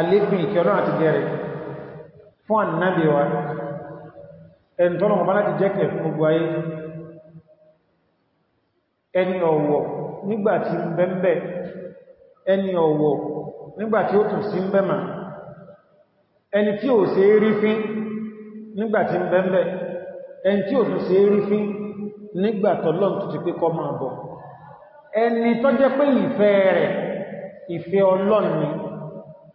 alékún ìkẹ́ ọlọ́run àti gẹ̀rẹ̀ fún ànábì wa ẹni tọ́lọ̀ ọba láti jẹ́kẹ̀ fún gbogbo ayé ẹni ọ̀wọ̀ nígbàtí bẹ́m̀bẹ̀ ẹni ọ̀wọ̀ nígbàtí ó tún sí bẹ́mà ẹni tí ò ṣe é rí fín nígbàtí bẹ́m̀bẹ̀ ẹni tí ò tún ṣe rí fín nígbàtọ̀lọ́n ìfẹ́ rẹ̀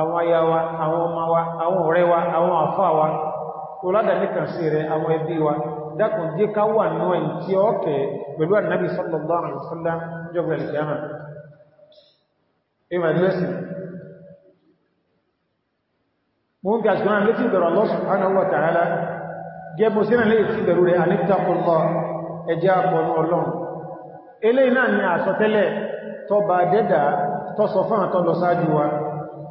àwọn aya wa àwọn ọmọ wa àwọn ọ̀rẹ́ wa àwọn àfà wa oládàníkàn sí àwọn ẹbí wa dákùn jẹ́ ká wà náà tí ó kẹ pẹ̀lú ànábì sallallahu alaihi náà ni àsọtẹ́lẹ̀ tọba dẹ́dà tọ́sọ fún àtọ́lọ sáájú wa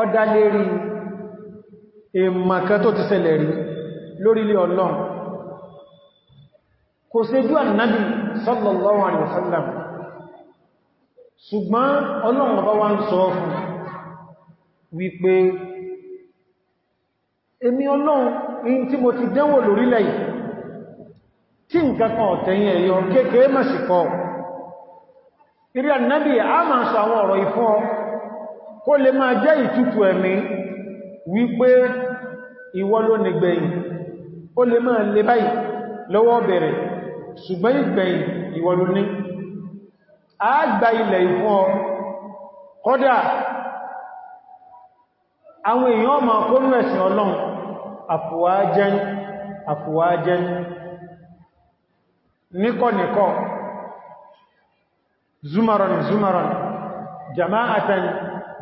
ọdá lérí ìmọ̀kan tó ti ṣẹlẹ̀ rí lórí ilé ọlọ́run kò ṣe jú ànábì sallallahu alaihi ṣùgbọ́n ọlọ́run ọba wá ń sọ fún wípé èmi ọlọ́run in tí mo ti dánwò lórílẹ̀ yìí tí nǹkan kan ọ̀tẹ̀yìn ẹ̀yọ kéèkéé mọ̀ sí kọ́ ìrí ànábì a máa sọ àwọn ọ̀rọ̀ ìfún ọ kó lè máa jẹ́ ìtútù ẹ̀mí wípé ìwọ ló ní gbẹ̀yìn ó lè máa lè báyìí lọ́wọ́ bẹ̀rẹ̀ ṣùgbọ́n ìgbẹ̀yìn ìwọ ló ní a ilẹ̀ ìfún ọ kọ́dà àwọn èèyàn ọmọ kónú ẹ̀sìn ọlọ́run àfùwájẹ́n àfùwájẹ́n níkọ̀níkọ̀ zumaran zumaran jama'atan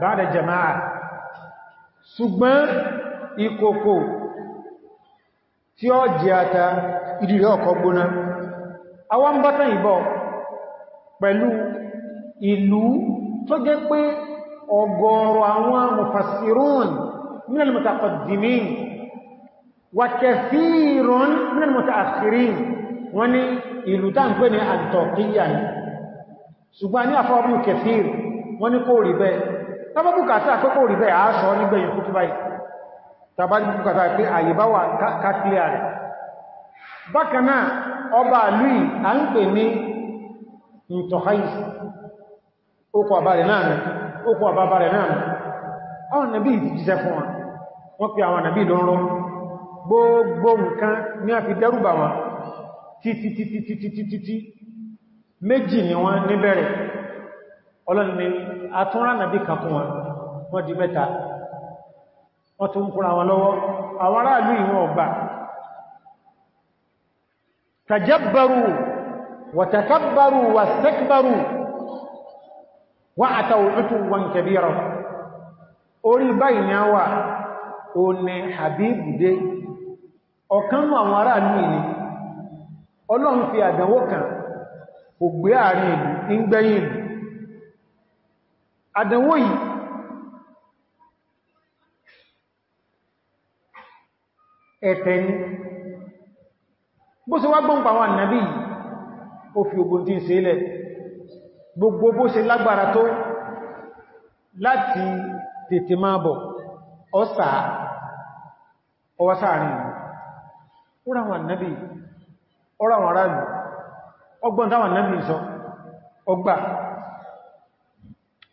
ba'da jama'a ṣùgbọ́n ìkòkò tí ó jẹ́ ata ìdìrí ọkọ̀ gbóná àwọn ń bátán ìbọ̀ pẹ̀lú ìlú tó jẹ́ pé ọgọ́rọ̀ àwọn mufassirun minal mutaqaddimin wa kathirun minal mutaakhirin wọ́n ní ìlú tá ń pè ní àtọ̀kíyà ṣùgbọ́n ní àfọ́bù kẹfìr wọ́n ní kò rí bẹ́ẹ̀ tàbá bùkátà àpẹ́kọ̀ rí bẹ́ẹ̀ aṣọ nígbẹ̀yìn kú tó báyìí tàbá bukata bùkátà pé àyè bá wà kákílẹ̀ rẹ̀ bákanáà ọba louis a ń pè ní ntọ̀háìs okùn àbárẹ̀ wọn na gbogbo ní a fi ni wọ́n níbẹ̀rẹ̀ ọlọ́ni àtúnrà nàbí kan fún wọn wọ́n di mẹ́ta wọ́n tún kúra wọn lọ́wọ́ àwọn aráàlú ìwọ̀n ọgbà tajabbaru wàtàkàbbaru wàstakbaru wà àtàwòrútù wọn kẹbíra orí báyìí ni a wà habibu kan ìlú àdánwò yìí ẹ̀tẹ̀ ni bó ṣe wá gbọ́n pàwọn ànàbí yìí ó fi ogun tí ń ṣe ilẹ̀ gbogbo bó ṣe lágbára tó láti tètè máa bọ̀ ọ́sà ọwásáàrin ọ̀ràwọn ànàbí ọ̀ràwọn aráàlú ọgbọ́n táwọn ànàbí sọ ọgbà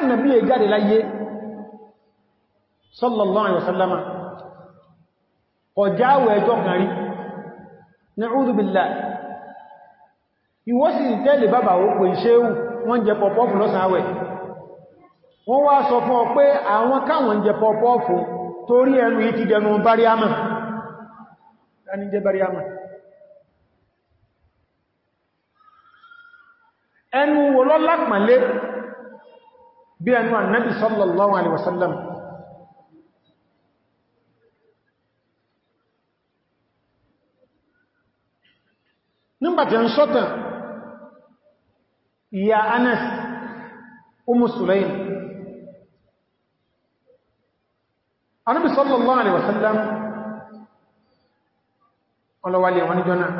tánàbí è jáde láyé sallallahu alaihi wasallama ọjáwẹ̀ ẹjọ́ kan rí na'udhu billah ìwọ́sí tẹ́lẹ̀ bàbá ó pè ṣéhù wọ́n jẹ pọ̀pọ́fù lọ́sàáwẹ̀ wọ́n wá sọ fún ọ pé àwọn káwọn jẹ pọ̀pọ́fù torí ẹnu yìí ti dẹnu bariama ẹni jẹ bariama ẹnu wo lọ́lápàá lé bí ẹnu annabi sallallahu alaihi wasallam nígbàtí ń sọ́tàn ìyá anas umu sulaim annabi sallallahu alaihi wasallam ọlọ́wàlẹ̀ wọn jọ náà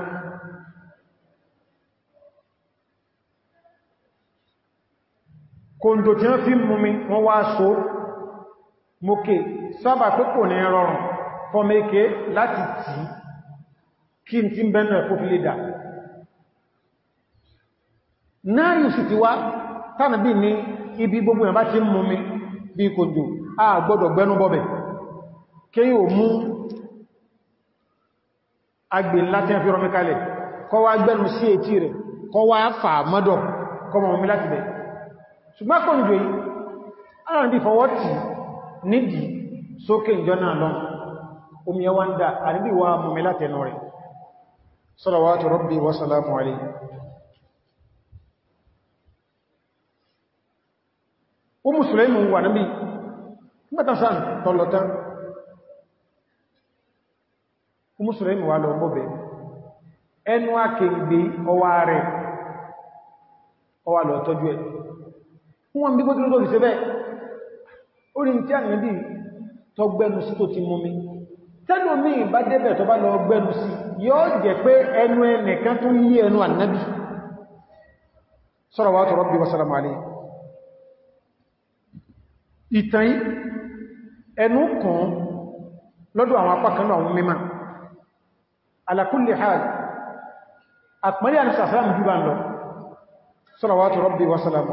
kòndò tí wọ́n fi múmi wọ́n wá so mọ́kè sábà pé kò ní rọrùn fọ́mẹ́kẹ́ láti tí kí n tí ń bẹ́nu ẹ̀kú fi lè dà náà yìí sì ti wá tánàbí ní ibi gbogbo ẹ̀bá ti múmi bí kòndò a gbọ́dọ̀ gbẹ́nu bọ́bẹ̀ kí yíò mú agbè ńlá tí wọ́n fi gbẹ́nu sí etí rẹ̀ kọwa fà mọ́dọ̀ kọmọ̀ mọ́mí láti bẹ̀rẹ̀ ṣùgbọ́n kò ń jò yìí aláàrín bí fọwọ́ tí nídi sókè ìjọ lọ omi ẹwà ń dà àríbí wa mọ̀mí látẹnu rẹ̀ salawatu rabbi wa salamu alayhi ó mùsùlẹ́mù wà níbi mẹ́tàṣán tọ́lọ̀tán ó mùsùlẹ́mù wà lọ mọ́bẹ̀ ẹnu àkègbè ọwà rẹ̀ ọwà lọ tọ́jú ẹ̀ wọ́n bí gbogbo tó fi ṣe bẹ́ẹ̀ orí tí a nìyàn bí tọ gbẹnu sí tó ti mú mi tẹ́lù mi bá débẹ̀ tọ bá lọ gbẹnu sí yóò jẹ́ pé ẹnu ẹnìkan tó yí ẹnu ànábì salawatu rabbi wa salamu alayhi ìtàn ẹnu kan lọ́dọ̀ àwọn apákanú àwọn mímọ̀ ala kulli hal àpẹẹrẹ àníṣàṣàmù jù bá lọ salawatu rabbi wa salamu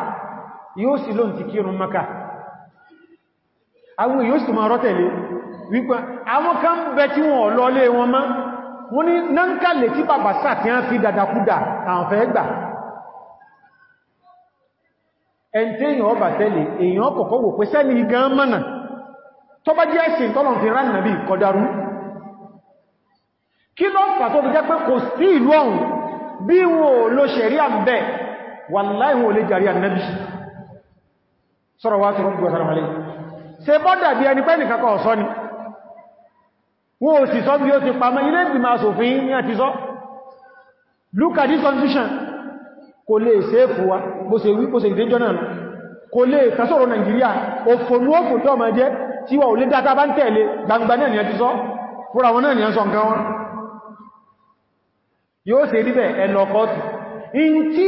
yóò si lóòn ti kírun maka àwọn yóò sì máa rọ́tẹ̀lé wípé àwọn kan bẹ tí wọ́n lọlé wọn má wọ́n ni náǹkàlẹ̀ tí bàbá sáà tí a fi dàdàkúdà àwọn fẹ́ gbà èyàn ọba tẹ́lẹ̀ èyàn kọ̀kọ́ wò pé sẹ́ni igan mọ́nà tó jẹ́ ẹ̀sìn tọ́lọ̀ lo jàrí salawatu rabbi wa salamuhu alayhi ṣe bọ́dà bí ẹni pẹ́ nìkan kọ́ ni wọ́n ò sì sọ bí ó ti pàmọ́ ilé ìgbìmọ̀ asòfin ní àti sọ look at this constitution kò lè sẹ́ẹ̀fù wa bó ṣe wí bó ṣe ìdéjọ́ náà kò lè kásọ̀rọ̀ Nàìjíríà ni a ti ni a sọ nǹkan wọn yóò ṣe rí bẹ́ẹ̀ ẹlọ kọ́ọ̀tù in tí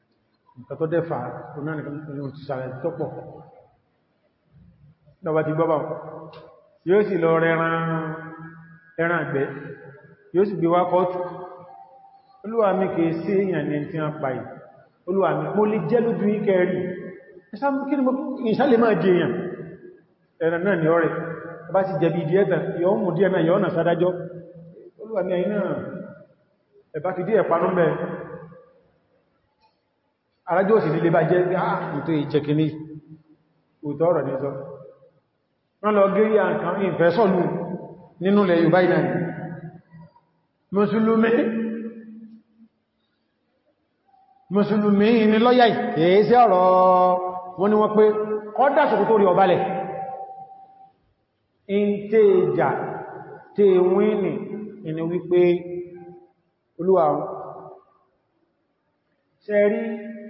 nǹkan tó dẹ́fà onánìkàtọ́pọ̀ lọ́wọ́ ti gbọ́bà yóò sì lọ rẹran ẹran àgbẹ̀ yóò sì gbé wá kọ́ọ̀tù olúwa mi kìí sí èèyàn ní tí wọ́n pàì olúwa mi kó lè jẹ́ lójú ìkẹrì ìsálẹ̀ ni ọrẹ̀ bá ti jẹbi ìdí ẹ̀tà yọ́ mú díẹ̀ náà yọ́ ọ̀nà sádájọ́ olúwa mi àyínà ẹ̀bá fi díẹ̀ arájọ́ òsì nílé bá jẹ́ ìtò ah, ah, ah, ìjẹkìní òtò ọ̀rọ̀ ní sọ wọ́n lọ gírí àǹkan ìfẹ́sọ̀lú nínú ilẹ̀ Yorùbá ìlànà mùsùlùmí mùsùlùmí ni lọ́yà ìkéèsí ọ̀rọ̀ wọn ni wọ́n pé kọ́dá sọ̀kú tó rí ọbalẹ̀ in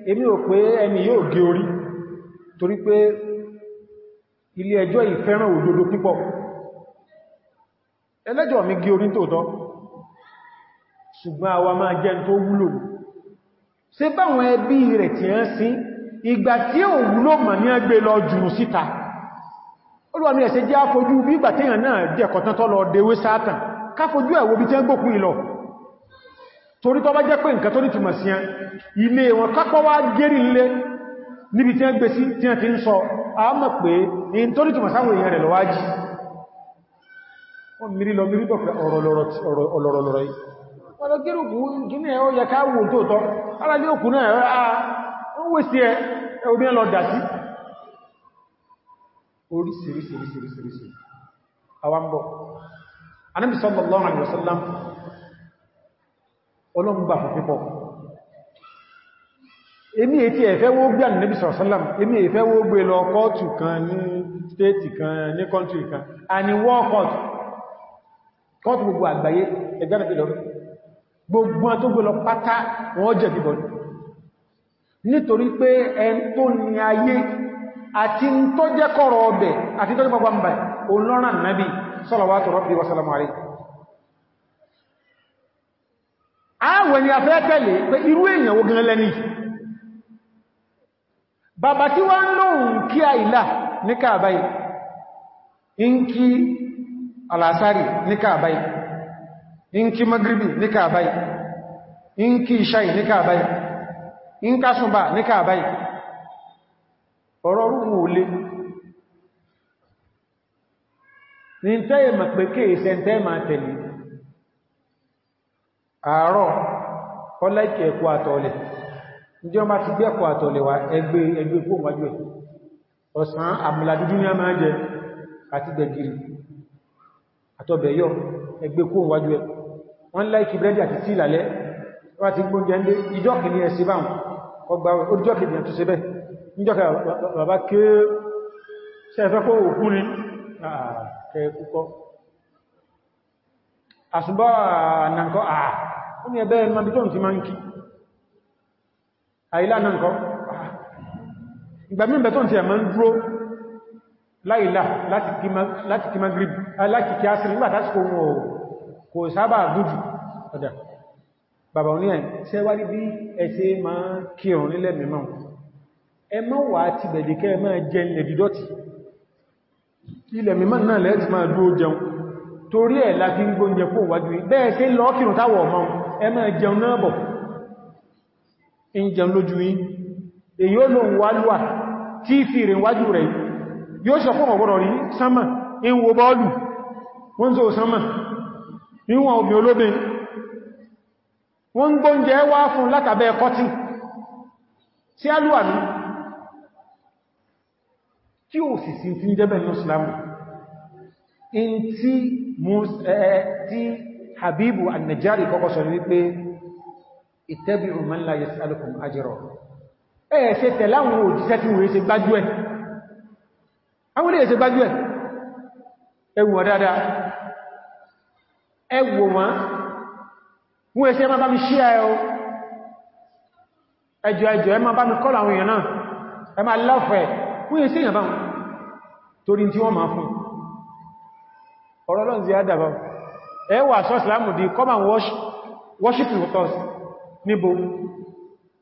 èmi ò pé ẹni yóò gé orí torí pé ilé ẹjọ́ ìfẹ́ràn òdodo pípọ̀ ẹlẹ́jọ́ mi gé orí tòótọ́ ṣùgbọ́n àwa máa jẹ́ tó wúlò ṣe báwọn ẹbí rẹ̀ tí ń sí ìgbà tí ò wúlò mà ní ẹgbẹ́ lọ jùrù síta olúwa ẹ̀ṣẹ́ jẹ́ àfojú bí ìgbà tí èèyàn náà jẹ́kọ̀tán tọ́lọ dewé sáátàn káfojú ẹ̀wò bí tí ń gbókun torí tó bá jẹ́ pé nǹkan tó ní túnmọ̀ sí ẹn ilé wọn kápọ́ wá gẹ́rì lé níbi tí ẹ gbé sí tí ẹ ti ń sọ a mọ̀ pé in tó ní túnmọ̀ sáwọn èèyàn rẹ̀ lọ́wájí wọ́n mìírí lọ mìírí pọ̀pẹ̀ ọ̀rọ̀lọ́rọ̀ yìí wọ́n lọ gẹ́rùkú gíní ẹ̀ ó yẹ ká wò tó tọ́ ara gẹ́rùkú náà ó wé ọlọ́run gbà Emi pípọ̀ èmi ètí ẹ̀fẹ́ wó gbé ànìyàn sọ̀rọ̀sọ́lám èmi ẹ̀fẹ́ wó gbé lọ kọ́ọ̀tù kan ní stéètì kan ní kọ́ntù kan àni wọ́n kọ́ọ̀tù kọ́ọ̀tù gbogbo àgbáyé ẹgbẹ́rẹ̀ lọ gbogbo tó gbé lọ pátá wọ́n jẹ́ bíbọn nítorí pé ẹn tó ní ayé àti ń tọ́jẹ́kọ̀rọ̀ rabbi wa àwọn ni a fẹ́ tẹ̀lé pé irú èèyàn wo gan lẹ́ni bàbá tí wọ́n lóhun kí a ìlà ní káàbáyì in kí alásárì ní káàbáyì in kí magribi ní káàbáyì in kí ní káàbáyì in kásùnbà ní káàbáyì ní àárọ̀ ọláìkẹ̀ ẹ̀kọ́ àtọ̀ọ̀lẹ̀ ǹjẹ́ ọmọ ti gbé ẹ̀kọ́ àtọ̀ọ̀lẹ̀ wa ẹgbẹ́ ẹgbẹ́ kó ẹ̀ ọ̀sán àmàlà ní a jẹ àti gbẹ̀gìrì àtọ̀bẹ̀yọ ẹgbẹ́ kó wájú ẹ̀ wọ́n láìkì ànàkọ́ àà ó ní ẹbẹ́ ẹmọ bí tó ń ti máa ń kí àìlá náà kọ́ ìgbà mí bẹ̀tọ́ ti ẹ̀mọ́ ń dúró láìlá láti kí magrib eh, láti kí asìrì nígbà tásìkò wọn kò sábà gújù ọ̀dà bàbá oní ẹ̀ ṣe wá ní bí ẹ̀ṣẹ́ máa kírùn nílẹ̀ mìíràn ẹmọ́ wà ti torí ẹ̀ láti ń gbóúnjẹ fún wájú bẹ́ẹ̀ ṣe lọ́kìrùn táwọ̀ ọmọ ẹ máa jẹun náà bọ̀ in jẹun lójú yí èyí ó lóun wá lúwà tí fìrì wájú rẹ̀ yóò sọ fún ọ̀gbọ́rọ̀ rí sánmà in wo bọ́ọ̀lù wọ́n tó sánmà níwọ̀n obìn olóbin wọ́n ń gbóúnjẹ wá fún látàbẹ́ kọtí sí alúwà ní tí ó sì sí ti ń jẹ́bẹ̀ ní ìsìlámù habibu annajari kọ́kọ́ sọ wípé ittabi'u man la yas'alukum ajra ẹ̀ ṣe tẹ̀láwọn òjíṣẹ́ tí wọ́n ṣe gbájú ẹ̀ àwọn ilé ṣe gbájú ẹ̀ ẹwù wọ́n dáadáa ẹwù wọn wọ́n ẹ̀ṣẹ́ ma bá mi ṣí ẹ̀ o ẹwà sọ ìsìlámù di come and worship with us níbo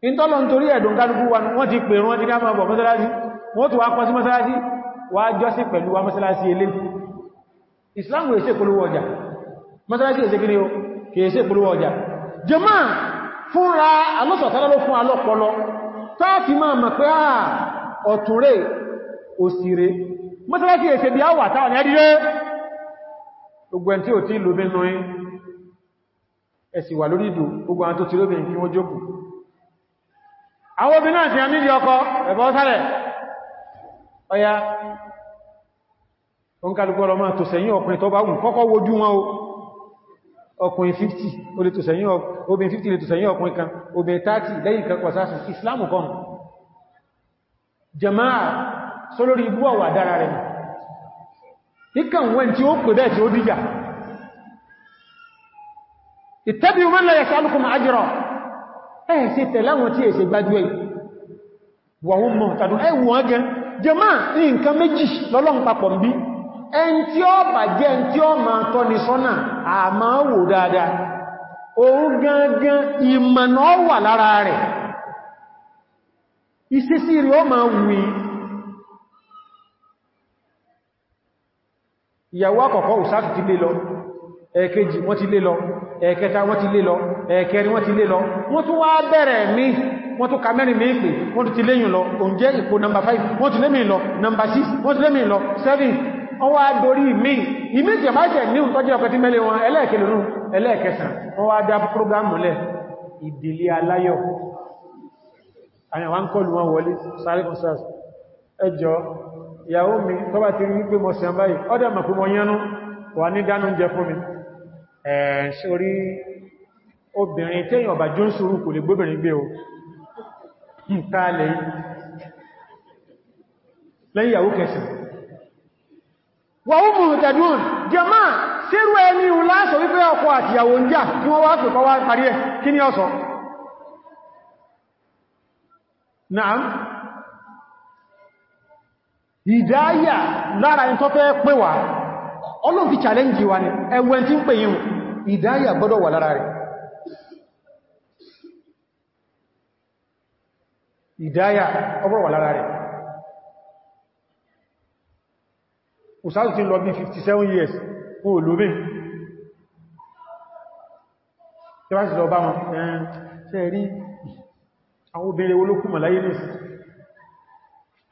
in tọ́lọ ń torí ẹ̀dùn kálukú wa wọ́n ti pè rán nígbà máa bọ̀ mọ́sálásí wọ́n tó wá pọ́ sí mọ́sálásí wá jọ́sí pẹ̀lú wa mọ́sálásí ilé ìsìlámù èsè polówó ọjà mọ́sálásí èsè kíni o kèèsè polówó ọjà jẹmọ́ fúnra alọ́sọ̀tálá ló fún alọ́pọlọ táàkì máa mọ̀ pé ah, àà gbogbo ẹn tí ò tí lóbi nù yí ẹ̀sì wà lórí ìdò gbogbo àwọn tó ti lóbi kí wọ́n jókù àwọn obìnrin náà ti hàn nílì ọkọ ẹ̀bọ́ sálẹ̀ ọya wọn kálùkù ọlọ́mọ tó sẹ̀yìn ọkùnrin tó bá wùn kọ́kọ́ wojú wọn o ọkùnrin 50 jama'a sólórí ibú ọ̀wà dára ìkàn wọn tí ó pè bẹ́ẹ̀ tí ó dìjà ìtẹ́bí wọn lẹ́yẹ̀ sálùkùn àjírọ̀ ẹ̀ sí tẹ̀láwọn tí èsè gbájú ẹ̀ wọ̀hún mọ̀ tàbí ẹwùn ọgẹ́ jẹmá nǹkan méjì lọ́lọ́n papọ̀ bí ẹn ma tọ́ sọ́nà gangan wà ma wùí ìyàwó àkọ́kọ́ Usatu ti lé lọ ẹ̀ẹ̀kejì wọ́n ti lé lọ ẹ̀ẹ̀kẹta wọ́n ti lé lọ ẹ̀ẹ̀kẹrin wọ́n ti lé lọ wọ́n tún wá bẹ̀rẹ̀ mí wọ́n tún ka mẹ́rin mí pè wọ́n tún ti léyìn lọ òun jẹ́ ipò nọmbà 5 wọ́n tún lémìn lọ nọmbà 6 wọ́n tún lémìn lọ 7 wọ́n wá dorí mí ìyàwó mi tó bá ti rí wípé mọ̀ sàn báyìí ọdẹ mọ̀ pé mọ̀ yánú wà ní dánú jẹ fún mi ẹ̀ẹ̀ sórí obìnrin tẹ́yìn ọba jó ń sùúrù lè gbóbìnrin gbé o nǹkan hmm, alẹ́ lẹ́yìn ìyàwó kẹsì wípé ìdáyà lára ẹni tó fẹ́ pè wá ọlọ́n fi challenge wa ni ẹwẹ́ tí ń pè yíò ìdáyà gbọ́dọ̀ wà lára rẹ̀ ìdáyà ọgbọ́rọ̀ wà lára rẹ̀ òsáàtù ti lọ bí 57 years kó olómi tí wá sí lọ bá wọn àwọn obìnrin olókùnmọ̀ láyé nìsí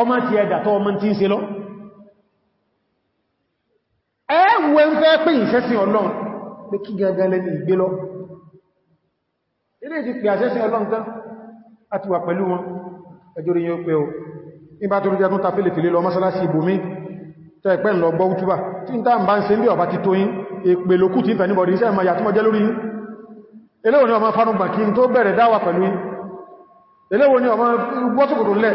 ọmọ ti ẹ̀dà tó ọmọ tí ń ṣe lọ ẹ̀wẹ̀ ń fẹ́ pè ìṣẹ́sìn ọlọ́run pé kí gangan lẹ́ni ìgbé lọ ilé ti pè àṣẹ́sìn ọlọ́run tán àti wà pẹ̀lú wọn ẹjọ́rí yẹn pé o nígbà tó rújá tó ta fẹ́lẹ̀ fẹ́lẹ̀ lọ mọ́sálásí ibòmí tẹ́ ẹ̀pẹ́ ń lọ gbọ́ útúbà tí ń tàà ń bá ń ṣe ń bí ọba ti tóyín èpè lókù ń fẹ̀ níbọ̀dí iṣẹ́ ìmọ̀ yàtúmọ̀ jẹ́ lórí eléwò ni ọmọ fanúgbà kí n tó bẹ̀rẹ̀ dáwà pẹ̀lú eléwò ni ọmọ gbọ́sùkùrù lẹ́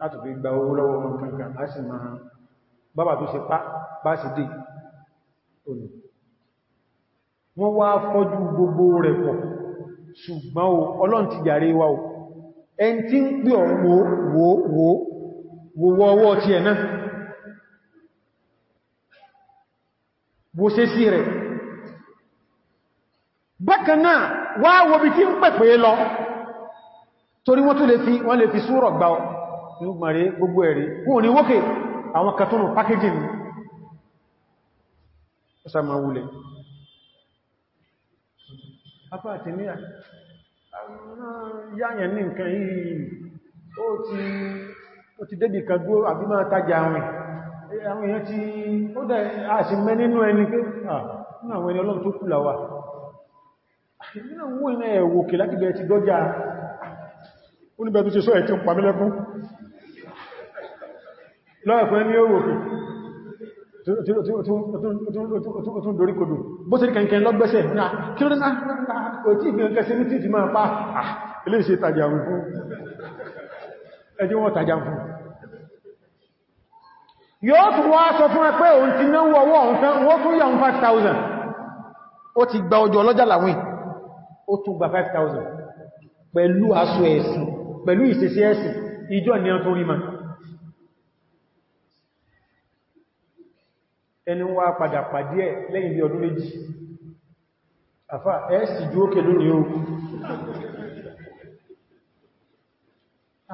láti fi gba owó lọ́wọ́ wọn kankan a sì máa bábà tó ṣe pá sí dé olù wọ́n wá fọ́jú gbogbo rẹ̀ pọ̀ ṣùgbọ́n o ọlọ́n ti yàrí wa o ẹn tí ń pè ọ̀wọ́ wo wo ọwọ́ ti ẹ̀ náà wo ṣe sí rẹ̀ bákan náà wá wo bí tí ń pẹ̀pẹ̀ lọ torí wọ́n tó lè fi súrọ̀ gbà ọ́ ìgbọ̀n rí gbogbo ẹ̀rí wọ́n ní wókè àwọn katọ́nù pákéjì ní ọ̀sàmà wulẹ̀ apá àti ní yáyàn ní nǹkan yìí ó ti dédì kan dúró àbí máa tajà àwọn àwọn èèyàn tí ó dẹ̀ àṣì mẹ́ nínú ẹni pé àwọn ẹni ọlọ́run tó kù láwà nínú wọ́n ẹ̀wòkè ti dọ́jà oníbẹ̀ tó ṣe sọ ẹ̀ tí ó pàmílẹ́kún lọ́ẹ̀fún ẹni owó kí tún dorí kodò bó ṣe kẹ̀kẹ́ lọ́gbẹ́sẹ̀ náà kí ó náà kò tí ìgbẹ̀ ǹkan sí ní títí máa pa ilé ìṣẹ́ tàjà fún ẹjí wọ́n tàjà fún yóò tún wá sọ fún ẹ pé òun ti náwó ọwọ́ òun tún yà 5,000 ó ti gba ọjọ́ ọlọ́jà láwìn ó tún gba 5,000 pẹ̀lú aṣọ ẹ̀sìn pẹ̀lú ìṣẹ́sí ẹ̀sìn ìjọ ni a tún rí máa ẹni wá padà pàdé ẹ̀ lẹ́yìn bí ọdún méjì àfá ẹ́ sì jú ókè lónìí o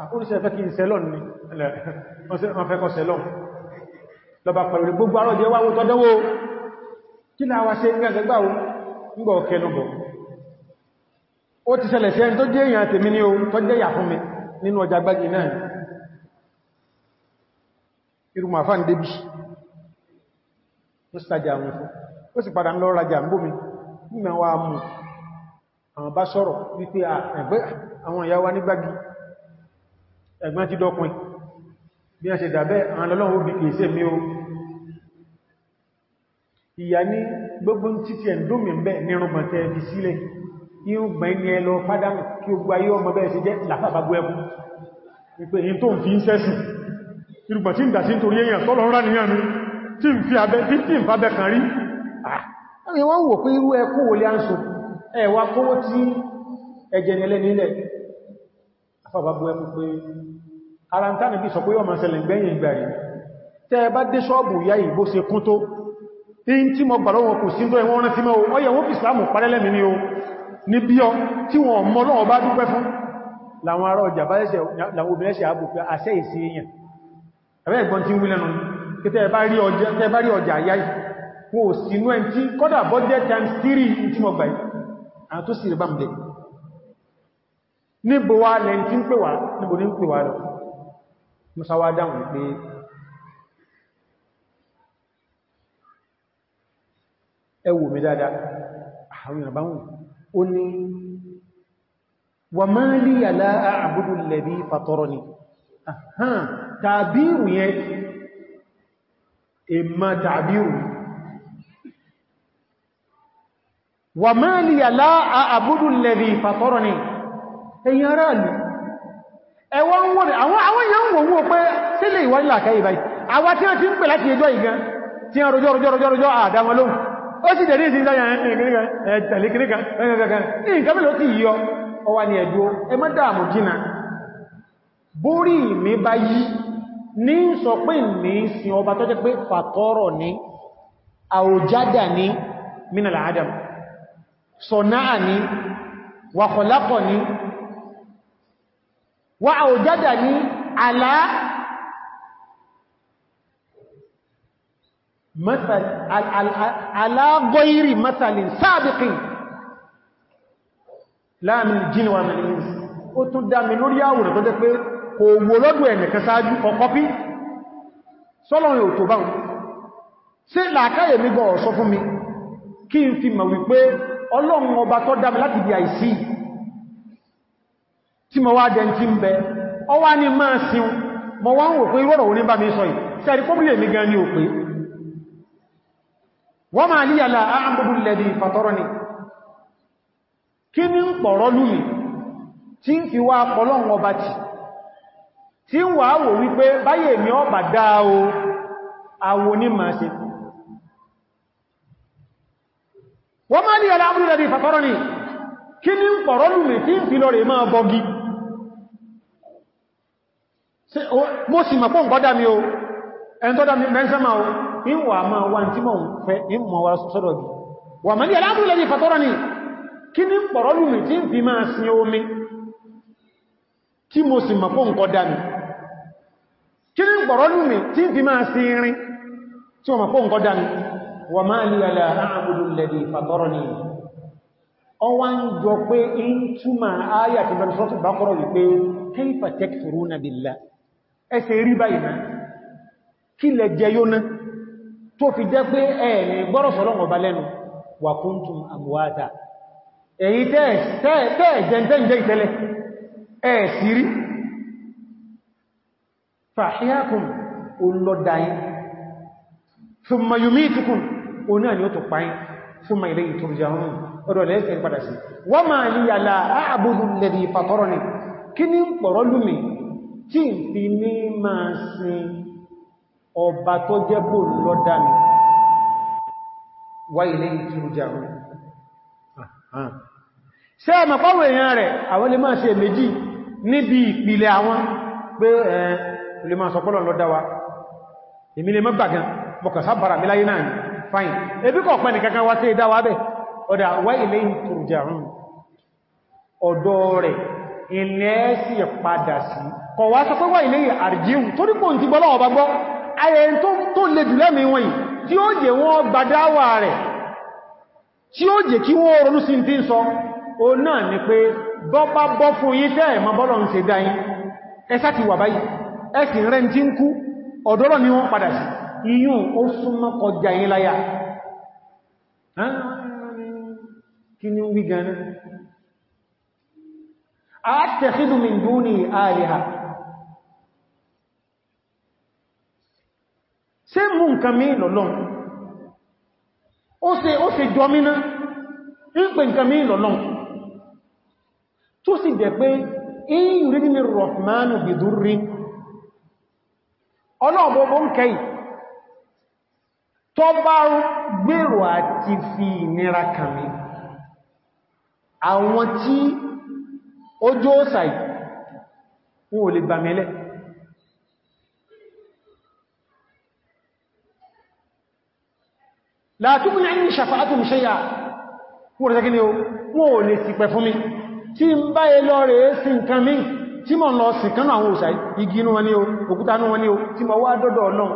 àkúrìsẹ́ fẹ́ kí n sẹ́lọ́n ni wọ́n fẹ́ kọ́ sẹ́lọ́n lọba pẹ̀lú gbogbo arọ́jẹ́ wáwó tọ́dọ́wó kí náà wá ṣe ń gẹ́gẹ́ gbáwó ń ní o ó sàjà àwọn fún ó sì padà ń lọ rajà ń bómi nígbà wa mú àwọn bá sọ̀rọ̀ wípé àwọn ìyá wa nígbàgí ẹ̀gbọ́n ti dọ́kùn bí a ṣe dàbẹ́ àwọn ọlọ́run obì kìí sí mi o ìyà ní gbogbo títí ẹ̀ndómi ẹ̀mbẹ́ nírùngbọ̀n tẹ́ fi sílẹ̀ irùngbọ̀n ẹni ẹ lọ pádánù kí ó gba tí ń fi abẹ́ tí ń fàbẹ́ kan rí ah. àwọn wọ́n wò pé irú ẹkú wò lé ánsù ẹwà kówó tí ẹjẹ nílẹ̀ nílẹ̀ afọ́bàbú ẹkú pé ara ń tánà bí sọ pé yọ́ ma ṣẹlẹ̀ gbẹ̀yìn ìgbà rí tẹ́ bá dé ṣọ́ọ̀bù ya ìbó se kún tó in tí mo gbàrọ wọn kò sí tó ẹwọ́n rántí mọ́ ọ ni o ní bí ọ tí tẹ́ bá rí ọjà àyá wọ́n ò sínú ẹn tí kọ́dà budget times 3 tí mọ̀ gbà yìí àwọn tó sì rẹ̀ bá mẹ́ níbo wá lẹ́n tí ń pè wá níbo ní ń pè wá lọ Musa wá dáhùn pé ẹ wò dáadáa àwọn ìrìnàbá wọn ó ní wà máa lè yà láàá àbúrú lẹ́bí fàtọrọ ni tàbí ìrùn ìmá tàbíù wà máa lè yàlá àbúdù lẹ́rí fàtọ́rọ̀ ni ẹ̀yìn lè ẹwọ́ ń wọ́n àwọn èèyàn wọ́n wó pé sílẹ̀ ìwọ́n ìbáyìí tí wọ́n ti ń pè láti ẹjọ́ ìgan tí wọ́n rojọ́ rojọ́ rojọ́ ó sì ní sọ pé ní sin ọba tó jẹ́ pé fàtọ́rọ̀ ní àwòjádà ní mínàlá adam sọ̀náà ní wàkọ̀lákọ̀ ní wà àwòjádà ní alá alágọ́ìrì matalin sáàbìkín láàmì jíniwà mẹ́lẹ̀ ó tún dámi lórí àwòrán tó jẹ́ pé kò wò lọ́dún ẹ̀nìkan sáájú ọkọ́pí sọ́lọ́rin òtò báhùn sí ọsọ mi fún mi kí n fi mọ̀ wípé ọlọ́run ọba di àìsí tí mọ̀ wá jẹ tí ń bẹ ọwá ní máa síun mọ̀ wá ń wò pé bá mi sọ ni ń ọba tí ń wà wò wípé báyé mi ọ pàdá o àwò ní máa ṣe wọ́n máa ní ọlá amúrú lẹ́bí ìfàkọ́rọ̀ ní kí ní pọ̀rọ̀ lùmí tí ń fi lọ rẹ̀ máa bọ́gí mo sì mọ̀ pọ́n gọ́dá mi o ẹni tọ́dá mi mẹ́sẹ́mà o ń wà máa wá tí mọ̀ fẹ́ ń mọ̀ sọ́dọ̀ bí wà mọ̀ ní ọlá amúrú lẹ́bí ìfàkọ́rọ̀ ní kí ní pọ̀rọ̀ lùmí tí ń fi máa sin omi tí mo sì mọ̀ pọ́n gọ́dá mi kí ní gbọ̀rọ̀ lúmi tí fi máa sí rin tí wọ́n mọ̀kó nǹkan dání wà máa lè alẹ́ àbúrú lẹ́dí fàtọ́rọ̀ ní ọwá ń jọ pé in túnmà ayà ti bẹ̀rẹ̀ sọ́tù bá kọ́rọ̀ wípé kayfa takfuruna billah ẹsẹ̀ rí báyìí kí lẹ jẹ yóná tó fàṣíyàkùn olódáyín thumma yumitukum o náà ni ó tó páyín thumma ilayhi turja'un ọdọ̀ lẹ́ẹ̀kẹ́ padà sí wa ma liya la a'budu alladhi fatarani kí ní pọ̀rọ̀ lúmi tí ń fi ní máa sin ọba tó jẹ́ bò lọ́dá mi lè máa sọpọ́lọ̀ lọ dáwà èmi lè mọ́gbà gan mọ̀kà sábàrà mi láyé náà fine ebí kọ̀ pẹ́ nìkankan wá sí ìdáwà bẹ́ ọ̀dà wá ilé ìtòrùjàrún ọ̀dọ́ rẹ̀ ilẹ̀ sí padà sí kọ̀ wá sọ pé wá ilé àrjíun torí pò ń ti gbọ́lọ́ ọba gbọ́ ayẹ tó lè jù lẹ́mìí wọ̀nyí tí ó jẹ wọ́n gbadáwà rẹ̀ tí ó ti ń sọ o náà ni pé bọ́bá bọ́ fún yí tẹ́ ẹ̀mọ́ bọ́lọ̀ ń ṣe dáyín ẹsá ti wà báyìí ẹ̀sì rẹ̀ tí ń kú ọ̀dọ́rọ̀ ni wọ́n padà sí iyún ó súnmọ́ kọjá yín láyà kí ni ó wí gan attakhidhu min duni alaha ṣe mú nǹkan mí lọ́lọ́n ó ṣe ó ṣe ń pè nǹkan mí lọ́lọ́n tó sì jẹ́ pé in yuridni ar-rahmanu bidurrin ọlọ́ọ̀bọ̀bọ̀ ń kẹ́yìn tó bá gbèrò àti fi ìnira kàmí àwọn tí ó jó sàì wọn ò lè gbàmẹ́lẹ̀ látúmù ní ẹni ṣàfàátù ṣe yà wọ́n rẹ̀ tẹ́kí ni ó wọ́n ò lè sì fún mi tí ń bá ẹlọ́rẹ̀ sí nǹkan mìí tí mọ̀ lọ sí kánà àwọn òṣà igi inú wọn ní o òkúta inú wọn ní o tí mọ̀ wá dọ́dọ̀ ọlọ́run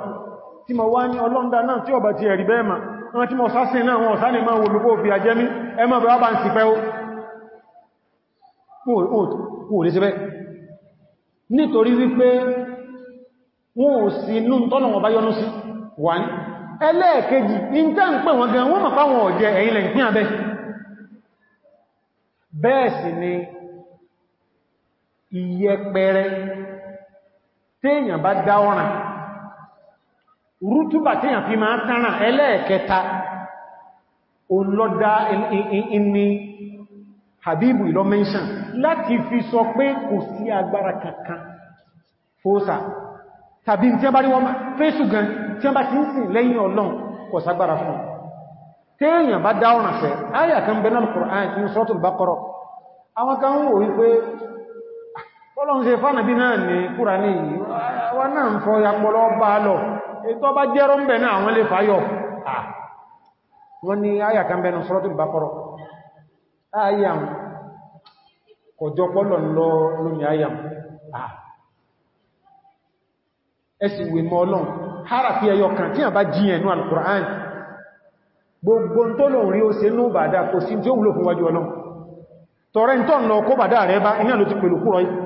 tí mọ̀ wá ní ọlọ́ndà náà tí ọba ti ẹ̀rí bẹ́ẹ̀ ma wọ́n tí mọ̀ sásìn náà wọn ọ̀sá ní máa wo lókó fi àjẹ́mí sí ní tẹ́ bẹ́ẹ̀ sì ni ìyẹpẹrẹ téèyàn bá dá ọ̀ràn rútúbà téèyàn fi máa tánà ẹlẹ́ẹ̀kẹta inni habibu ìlọ mẹ́ṣàn láti fi sọ pé kò sí agbára kankan fóòsà tàbí tí a bá rí wọ́n fésù gan tí a bá ti ń sìn lẹ́yìn ọlọ́run kò ságbára fún bá dá ọ̀ràn fẹ́ ọlọ́run ṣe fánàbí náà ní kúrà ní yìí wà náà ń fọ́ yapọlọ bá lọ ètò bá jẹ́rọ ń bẹ̀ náà àwọn lè fàyọ̀ wọ́n ni àyà kan bẹnu sọ́rọ́tù ìbápọ̀rọ̀ àyà kọjọ pọ́lọ̀ lọ lómi àyà ẹsì a bá jí ẹnu alkùrán gbogbo tó lò rí ó se ní bàdá kò sí tí ó wúlò fún wájú ọlọ́run tọrẹ ń tọ́ lọ kó bàdá rẹ bá iná ló ti pèlú kúrọ yìí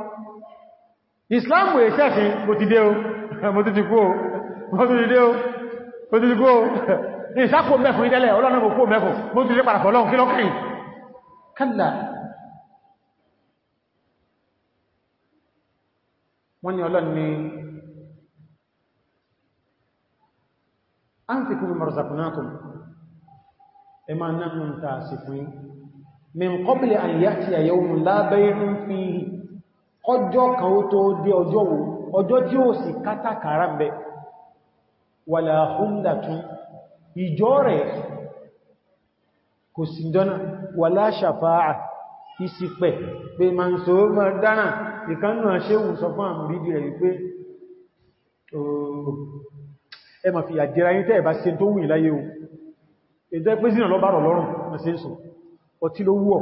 ìsìláàmù èṣẹ́ṣin mo ti dé o mo ti ti kú o mo ti dé o mo ti ti kú o ní ìsákò mẹ́kùn ìdẹ́lẹ̀ ọlọ́nà mo kú mẹ́kùn mo ti dé padà fọ́lọ́n kí lọ́kìí kálà wọ́n ni ọlọ́n ni anfiqu mimma razaqnakum ẹ máa náà ń ta sí min qabli an ya'tiya yawmun la bay'un fihi ọjọ́ kan ó tó dé ọjọ́ wo ọjọ́ tí ó sì kátàkàrà ń bẹ wàlà húndàtún ìjọ rẹ̀ kò sí dọ́nà wàlá ṣàfáà ìsìpẹ̀ pé ma ń so ma dára ìkánú àṣẹ́hùn sọ fún àmúrídì rẹ̀ wípé ẹ ma fi àjẹ́ra yín tẹ́ ẹ̀bá tó wù ìláyé o ẹjọ́ pé lọ́bàrọ̀ lọ́rùn ọtí ló wù ọ́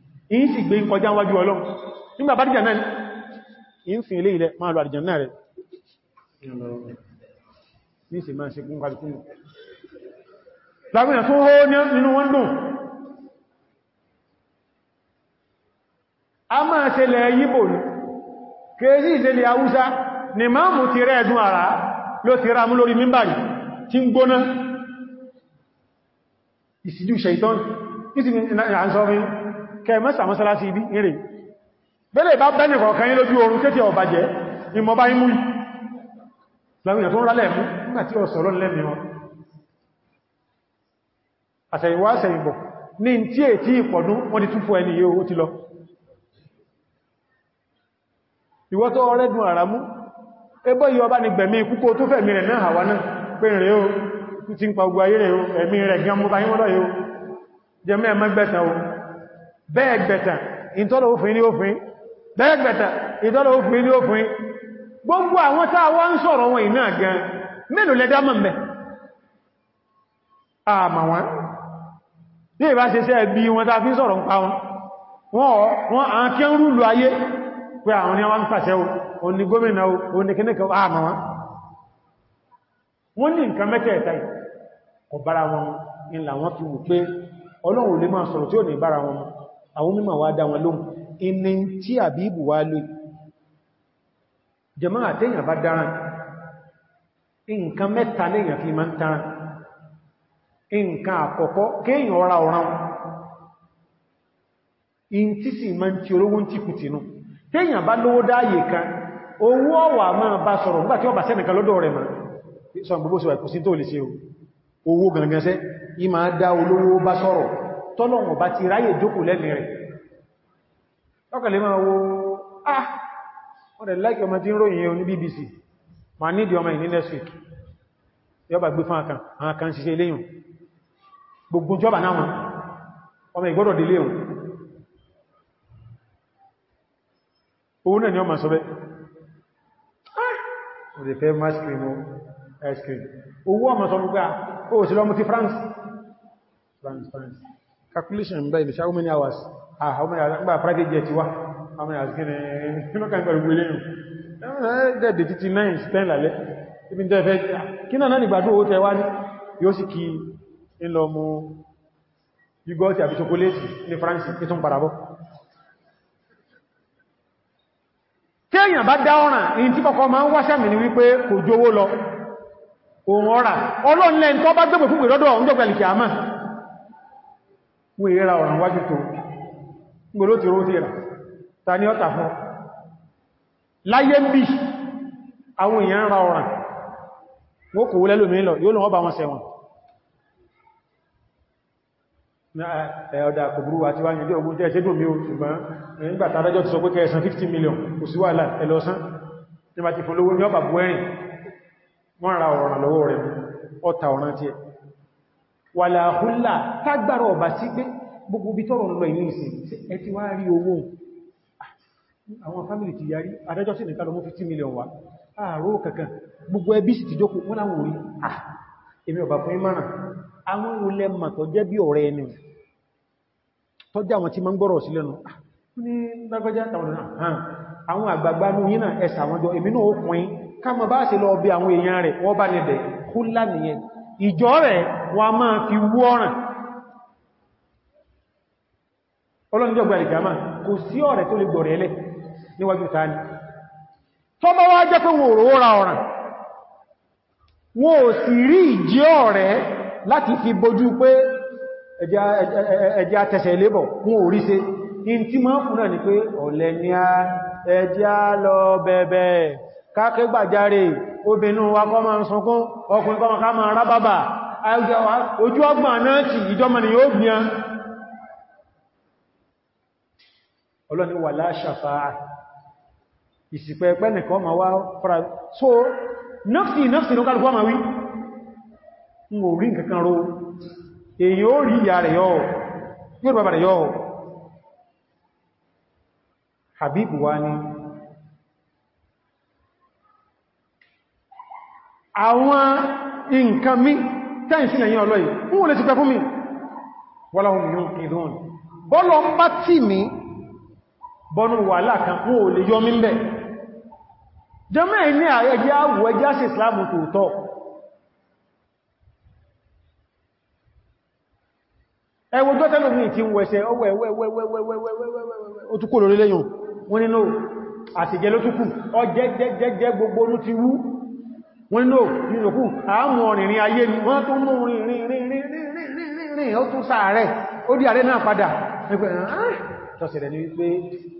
yìí sì gbé kọjá wájú ọlọ́run nígbà bá dìjà náà yìí ń fi ilé ilẹ̀ máa lọ àdìjà náà rẹ̀ ní sì máa ṣe kúnkà kúnkù lágbìnà tó hó nínú wọ́n dùn a máa ṣe lẹ yíbò ní kéèsì ìṣẹ́lẹ̀ haúsá ni máa mú ti rẹ̀ ẹ̀dùn ara ló ti rá mú lórí mímbàrí tí ń gbóná ìsìdú ṣe ìtọ́n kẹmẹ́sà mọ́sálásí ibi ìrìn bẹ́lẹ̀ bá bẹ́ẹ̀ kọ̀ọ̀kan yí lójú oorun kéte ọ̀bàjẹ́ ìmọ̀bá imú ní tí ó ti ọba gbẹ̀mí kúkó tó fẹ̀mí rẹ̀ náà àwa náà pé rẹ̀ ń pa ogun ayé rẹ̀ ẹ̀mí rẹ̀ gan mú bá yíwọ́dọ̀ yóò bẹ́ẹ̀gbẹ̀tàn ìtọ́lọ̀ òfin ní òfin bẹ́ẹ̀gbẹ̀tàn ìtọ́lọ̀ òfin ní òfin gbogbo àwọn tàà wá ń sọ̀rọ̀ wọn ìná gan mẹ́lù lẹ́dá mọ̀ mẹ́ àmà wọn ní ìbá ṣe sẹ́ bí wọn tàà fi ń sọ̀rọ̀ ń pa wọn wọn àwọn kí ń o ní gómìnà o ní kíníkà àmà wọn wọ́n ní nǹkan mẹ́tẹ̀ẹ̀ta kò bára wọn ìlà wọn fi wù pé ọlọ́run lè máa sọ̀rọ̀ tí ò ní bára wọn àwọn mímọ̀ wá dá wọn lóhùn inú tí àbíbù wá lóì jẹmọ́ àtẹ́yàn bá dáran nǹkan mẹ́ta lèyàn fi máa ń tán nǹkan àkọ́kọ́ kéèyàn ọ̀rá ọ̀rán in tí sì máa ń ti olówó ń tìkùtìnú téèyàn bá lówó dáyè kan owó ọ̀wà máa bá sọ̀rọ̀ nígbàtí ọba sẹ́nìkan lọ́dọ̀ rẹ̀ máa sọ gbogbo sọ ẹ̀kùsí tó lè ṣe owó gangan sẹ́ ìmá dá olówó bá sọ̀rọ̀ tọ́lọ̀wọ̀n bá ti ráyè jókù lẹ́mì rẹ̀ lọ́kàlẹ̀ máa wo ah wọ́n dẹ̀ láìkì ọmọ tí ń ròyìn oní BBC ma ní ìdí ọmọ ìní next week yọba gbé fún àkàn àwọn kan ṣiṣẹ́ iléyìn gbogbo jọba náwọn ọmọ ìgbọ́dọ̀ délé ohun owó náà ni ọmọ sọ ah òdè fẹ́ ice cream ice cream owó ọmọ sọ gbogbo à ó sì lọ mú ti France France France calculation by the how many hours ah how many hours by private jet wa how many hours kini kino kan gba gbele yun eh de títí 9 10 lálẹ́ ibi de fe kina na ni gbádùn owó te wa ni yo si ki in lo mu got àbí chocolate in France e tun parabo kéèyàn bá dá ọ̀ràn in tí kọ́kọ́ máa ń wáṣà mi ní wípé kò jówó lọ òun ọ̀rà ọlọ́nlẹ́ bá gbẹ̀gbẹ̀ fún ìrọ́dọ̀ òun jọ́gbẹ̀lì kìí àmà wọ́n ìrẹ́ra ọ̀ràn wájú tó gbòrò tí ó tí rà ta ní ọ́ta fún láyé ń bí àwọn èèyàn ra ọ̀ràn wọ́n kò wúlẹ́ lómi lọ yóò lọ ọba wọn sẹ́wọ̀n ẹ̀ọ́dà kò burú àti wáyé dé ogun tẹ́ẹ̀ṣẹ́ dùn mí o ṣùgbọ́n nígbàtà adájọ́ ti sọ pé kẹsàn 50 million kò sí wàhálà ẹlọ́sán ní bá ti fún lówó ní ọba buwẹ́rin wọ́n ra ọ̀ràn lọ́wọ́ rẹ̀ ọta ọ̀ràn tí ẹ wà láàáhúlà gbogbo bí tọ́rọ lọ ìlú ìsìn ẹ ti wá rí owó àwọn fámílì ti yarí adájọ́ sí nìkan lọ mú 50 million wá ààrò kankan gbogbo ẹbí sì ti jókò wọ́n láwọn orí èmi ọ̀bà fún ìmọ̀ràn àwọn olè mà tó jẹ́ bí ọ̀rẹ́ ẹni àwọn tí ma ń gbọ́rọ̀ sí lẹ́nu ní lágbájá ọlọ́njọ́gbà ìgbàmà kò sí tó lè gbọ̀rẹ̀ ẹlẹ́ ra ọ̀ràn wọ́n ò rí láti fi bojú pé ẹja àtẹsẹ̀ lébọ̀ in tí máa fún náà ni pé ọ̀lẹ́ ni a lọ bẹ̀bẹ̀ gbàjáre obìnrin wa kọ́ máa ń ọkùnrin kọ́ máa ọlọ́ni wà láṣàfáà ìsìpẹ́ ẹgbẹ́ nìkan ma wá fara so nọ́fì nọ́fì ló kálùkọ́ ma wí ń ò rí nǹkankan ro èyí ó rí ìyà rẹ̀ yọ́ yóò bàbà rẹ̀ yọ́ Habib wa ni àwọn nǹkan mi tẹ́yìn sílẹ̀ yìí ọlọ́yìn ń wò lè ti pẹ́ fún mi wọ́n láhùn yóò kìí lóòrùn bọ́lọ̀ ń bọ́nú wàhálà kan kún ò lè yọ mí bẹ̀. jẹ́mọ́ ní ẹjẹ́ àwọ̀ ẹjẹ́ àṣẹ ìsìláàmù tòótọ́ ẹwọ tó tẹ́lù ní ìtí wẹ̀ṣẹ̀ ọwọ́ ẹ̀wẹ̀wẹ̀wẹ̀wẹ̀wẹ̀wẹ̀ lórí lẹ́yìn wọ́n nínú àtìjẹ́ ló túnkù ọjẹ́jẹ́jẹ́ gbogbo orú ti wú wọ́n nínú nínúkù àámù ọ̀rìnrìn ayé ni wọ́n tó mú rìnrìnrìnrìnrìn ó tún sáà rẹ̀ ó di àrẹ́ náà padà ẹgbẹ̀rẹ̀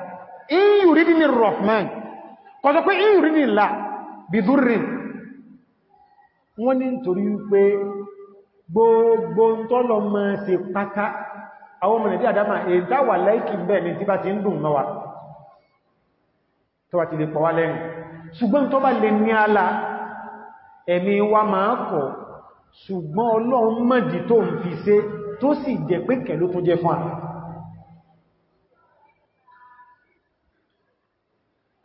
ìyùrídì ní Rahman kọjọ pé ìyùrídì là bìdúrì wọ́n ní nítorí wípé gbogbo tọ́lọ mọ́ sí pátá àwọn ọmọ nàìjíríà dáma èdáwà láìkì bẹ́ẹ̀ ni tí bá ti ń dùn mọ́wàá tó bá ti lè pọ̀ wá lẹ́nu ṣùgbọ́n tó bá lè ní àlà ẹ̀mí wa máa kọ̀ ṣùgbọ́n Ọlọ́run mọ̀dí tó ń fi ṣe tó sì jẹ́ pé kẹ̀ ló tún fún àà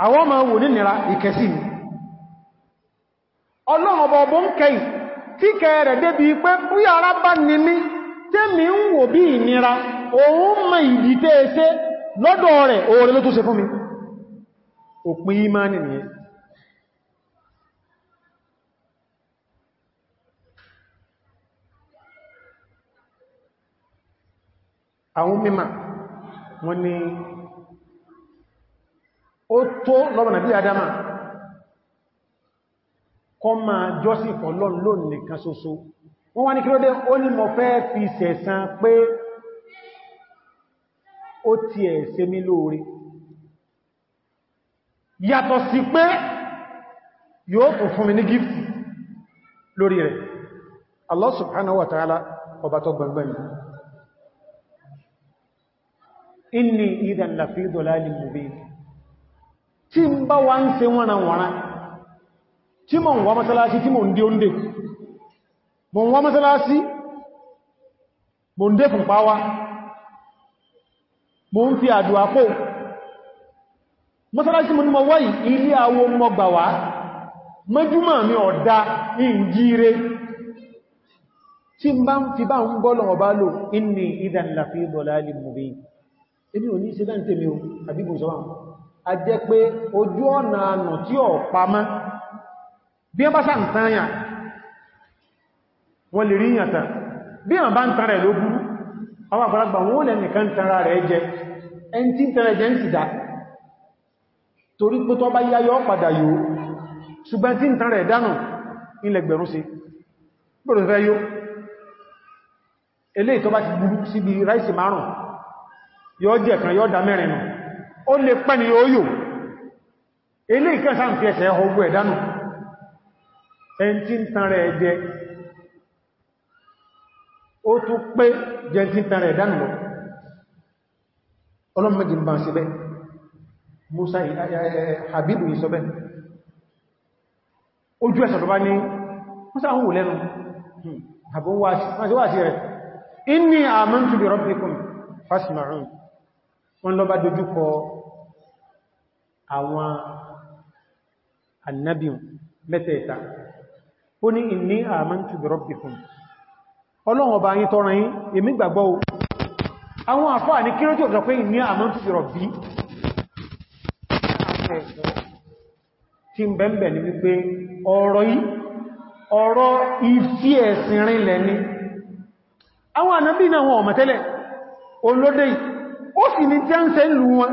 àwọn ma wò ní nìra ìkẹsí ni ọlọ́run ọba ọbọ̀ ń kẹyì tí kẹ rẹ̀ débi pé bí ara bá ní mí tẹ́mi ń wò bí ìnira òun mọ̀ ìdí tẹ́ lọ́dọ̀ rẹ̀ ló tó ṣe fún mi òpin ó tó lọ́rọ̀ nàbí adama kọ ma jọ́sìn fọ́lọ́n lónìí nìkan ṣoṣo wọ́n wá ní kí ló dé ó ní mọ̀ fẹ́ fi sẹ̀san pé ó ti ẹ̀ ṣe mí lóore yàtọ̀ sí pé yóò tún fún mi ní gift lórí rẹ̀ inni idan lafi dọ̀lá lè tí ń bá wá ń ṣe wọ́n wọ́n tí mọ̀ ń wá mọ́sálásí tí mọ̀ ń dé oúnjẹ mọ̀ ń wá mọ́sálásí mọ̀ ń dé fún páwá mọ̀ ń fi àdúwà pò mọ́sálásí mọ̀ ní mọ̀ wáyìí ilé àwọ mọ̀ gbà wá mẹ́júmọ̀ mi ọ̀dá ìjíire tí bá ń fi bá ń bọ́lọ̀ ọba lò inni ìdàn a jẹ́ pé ojú ọ̀nà ànà tí ọ̀ pamọ́ bí wọ́n bá sá ń tán yà wọ́n lè rí ìyàtà bí wọ́n bá ń tán rẹ̀ ló burú àwọn àgbàlagbà wọ́n lè nìkan tara rẹ̀ jẹ ẹni tí tẹ́rẹ jẹ́ ń sì dá torí pé tọ́ bá yáyọ́ padà yóò ṣùgbọ́n tí tán rẹ̀ dánù ilẹ̀ sí gbọ́dọ̀ fẹ́ ó lè pẹ́ ni yóò ilé ìkẹsà ń fi ẹsẹ̀ ọgbọ̀ ẹ̀dánù ẹn tí ń tan rẹ̀ jẹ ó tún pé jẹ tí ń tan rẹ̀ ẹ̀dánù lọ ọlọ́mọdé ń bá ń síbẹ̀ Musa Habibu yìí sọ bẹ́ ojú ẹ̀sọ̀ tó bá ní Musa hù lẹ́nu hmm, àbúwáṣí rẹ̀ inni amantu bi rabbikum lọ bá dojú kọ àwọn annabiun mẹ́tẹ̀ẹ̀ta ó ní inni amantu bi rabbikum ọlọ́run ọba yín tọ́ran yín èmi gbàgbọ́ o àwọn àfáà ní kíró tí ó pé inni amantu bi rabbi tí ń bẹ̀m̀bẹ̀ ní wípé ọ̀rọ̀ yìí ọ̀rọ̀ ìfí ẹ̀sìn rinlẹ̀ ni àwọn ànábì náà wọn ọ̀mọ̀tẹ́lẹ̀ olóde ó sì ní jẹ́ ń sẹ́ lù wọn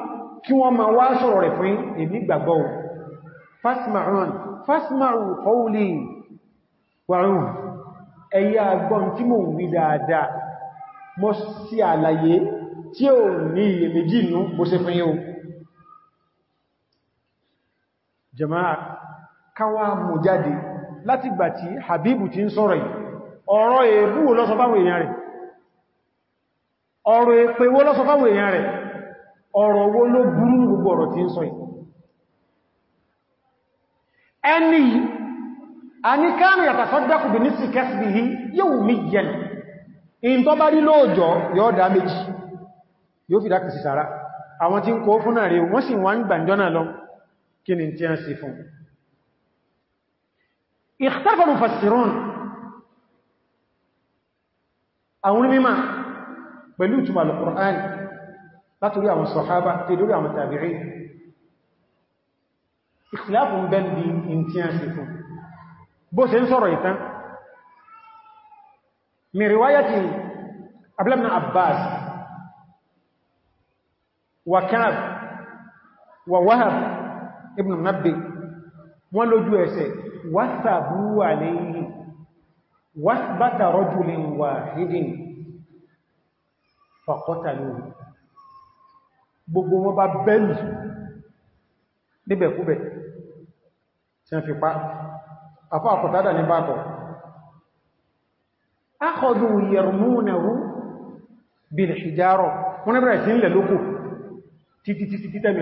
kí wọ́n ma wá sọ̀rọ̀ rẹ̀ fún èmi gbàgbọ́ fásmàrán fásmàrù kọ́wùlì wàrùn ẹ̀yà agbọ́n tí mò ń wí dáadáa mọ́ sí àlàyé tí ó ní èméjì inú bó ṣe fún yóò jama'a káwà mú jáde láti gbà tí habibu ti ń sọ̀rọ̀ yìí ọ̀rọ̀ èébú lọ́sọ fáwọn èèyàn rẹ̀ ọ̀rọ̀ èpè lọ́sọ fáwọn èèyàn rẹ̀ ọ̀rọ̀ wo ló burú gbogbo ọ̀rọ̀ tí ń sọ yìí ẹni àní káàmì àtàsọ́dákù bí ní sí kẹsìdì yìí yóò mí yẹn in tó bá rí lóòjọ́ yóò dá méjì yóò fi dákì sí sára àwọn tí ń kó fún náà rí wọ́n sì wá ń gbàǹjọ́ náà lọ kí ni tí a ń fún ikhtalafa mufassirun àwọn mímọ̀ pẹ̀lú ìtumọ̀ al látòrí àwọn sọ̀hábà tí lórí àwọn tàbírí ìkìláàfù ń bẹ́n bí in tí a ṣe fún bó ṣe ń sọ̀rọ̀ ìtàn mi riwayati abúlẹ́mìnà abbas wa kab wa wahab ibn nabbi wọ́n lójú ẹsẹ̀ wátàbú alayhi gbogbo wọn bá bẹ́lì níbẹ̀kúbẹ̀ tí wọ́n fi pa àfá àkọ̀tádà ní bákọ̀ ákọ̀dù yẹ̀rùmúnẹ̀rú bil hijara wọ́n níbẹ̀rẹ̀ sí ilẹ̀ lókò títí títí títẹ̀mì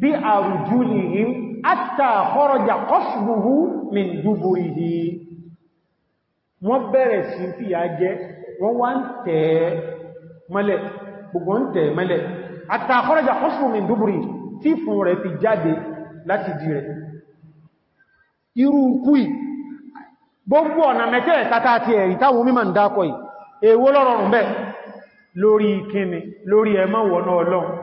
bí a him àtà àkọ́rọjà kọ́ṣùgbùhú min dúbò ìdí wọ́n bẹ̀rẹ̀ sí fi yà jẹ́ wọ́n wá ń mọ́lẹ̀ gbogbo ń tẹ̀ mọ́lẹ̀ àtà àkọ́rọjà kọ́ṣùgbù dúbò ìdí tí fún rẹ̀ fi jáde láti di rẹ̀ irú kúì gbogbo ọ̀nà mẹ́tẹ́ tata àti táwọn mímọ̀ ń dákọ̀ yìí lọ́rọ̀rùn bẹ́ lórí lórí wọ̀nà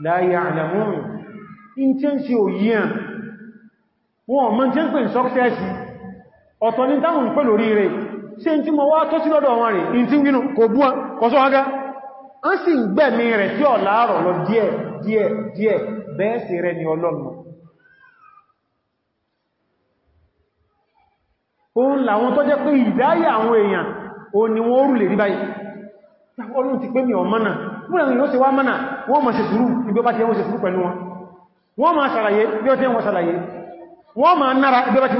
la ya'lamun in tí ń ṣe òyíyàn wọn mọ́ tí ń pè ní sọ́kṣẹ́sì ọ̀tọ̀ ní táwọn pẹ̀ lórí rẹ̀ ṣe tí mọ́ wá tó sí lọ́dọ̀ wọn rẹ̀ in tí ń gínú kò bú kọsọ́ ọgá ń sì ń gbẹ̀mí rẹ̀ sí ọ̀láàrọ̀ lọ díẹ̀ díẹ̀ díẹ̀ bẹ́ẹ̀ sí rẹ̀ ni ọlọ́run òun làwọn tó jẹ́ pé ìdáyà àwọn èèyàn òun ni wọ́n múnà yóò ṣe wá mọ́nà wọ́n ma ṣe sùúrù ibi ọba tí wọ́n ṣe sùúrù pẹ̀lú wọn wọ́n ma ṣàlàyé ibi ọtí wọ́n ṣàlàyé wọ́n ma nára ibi ọba tí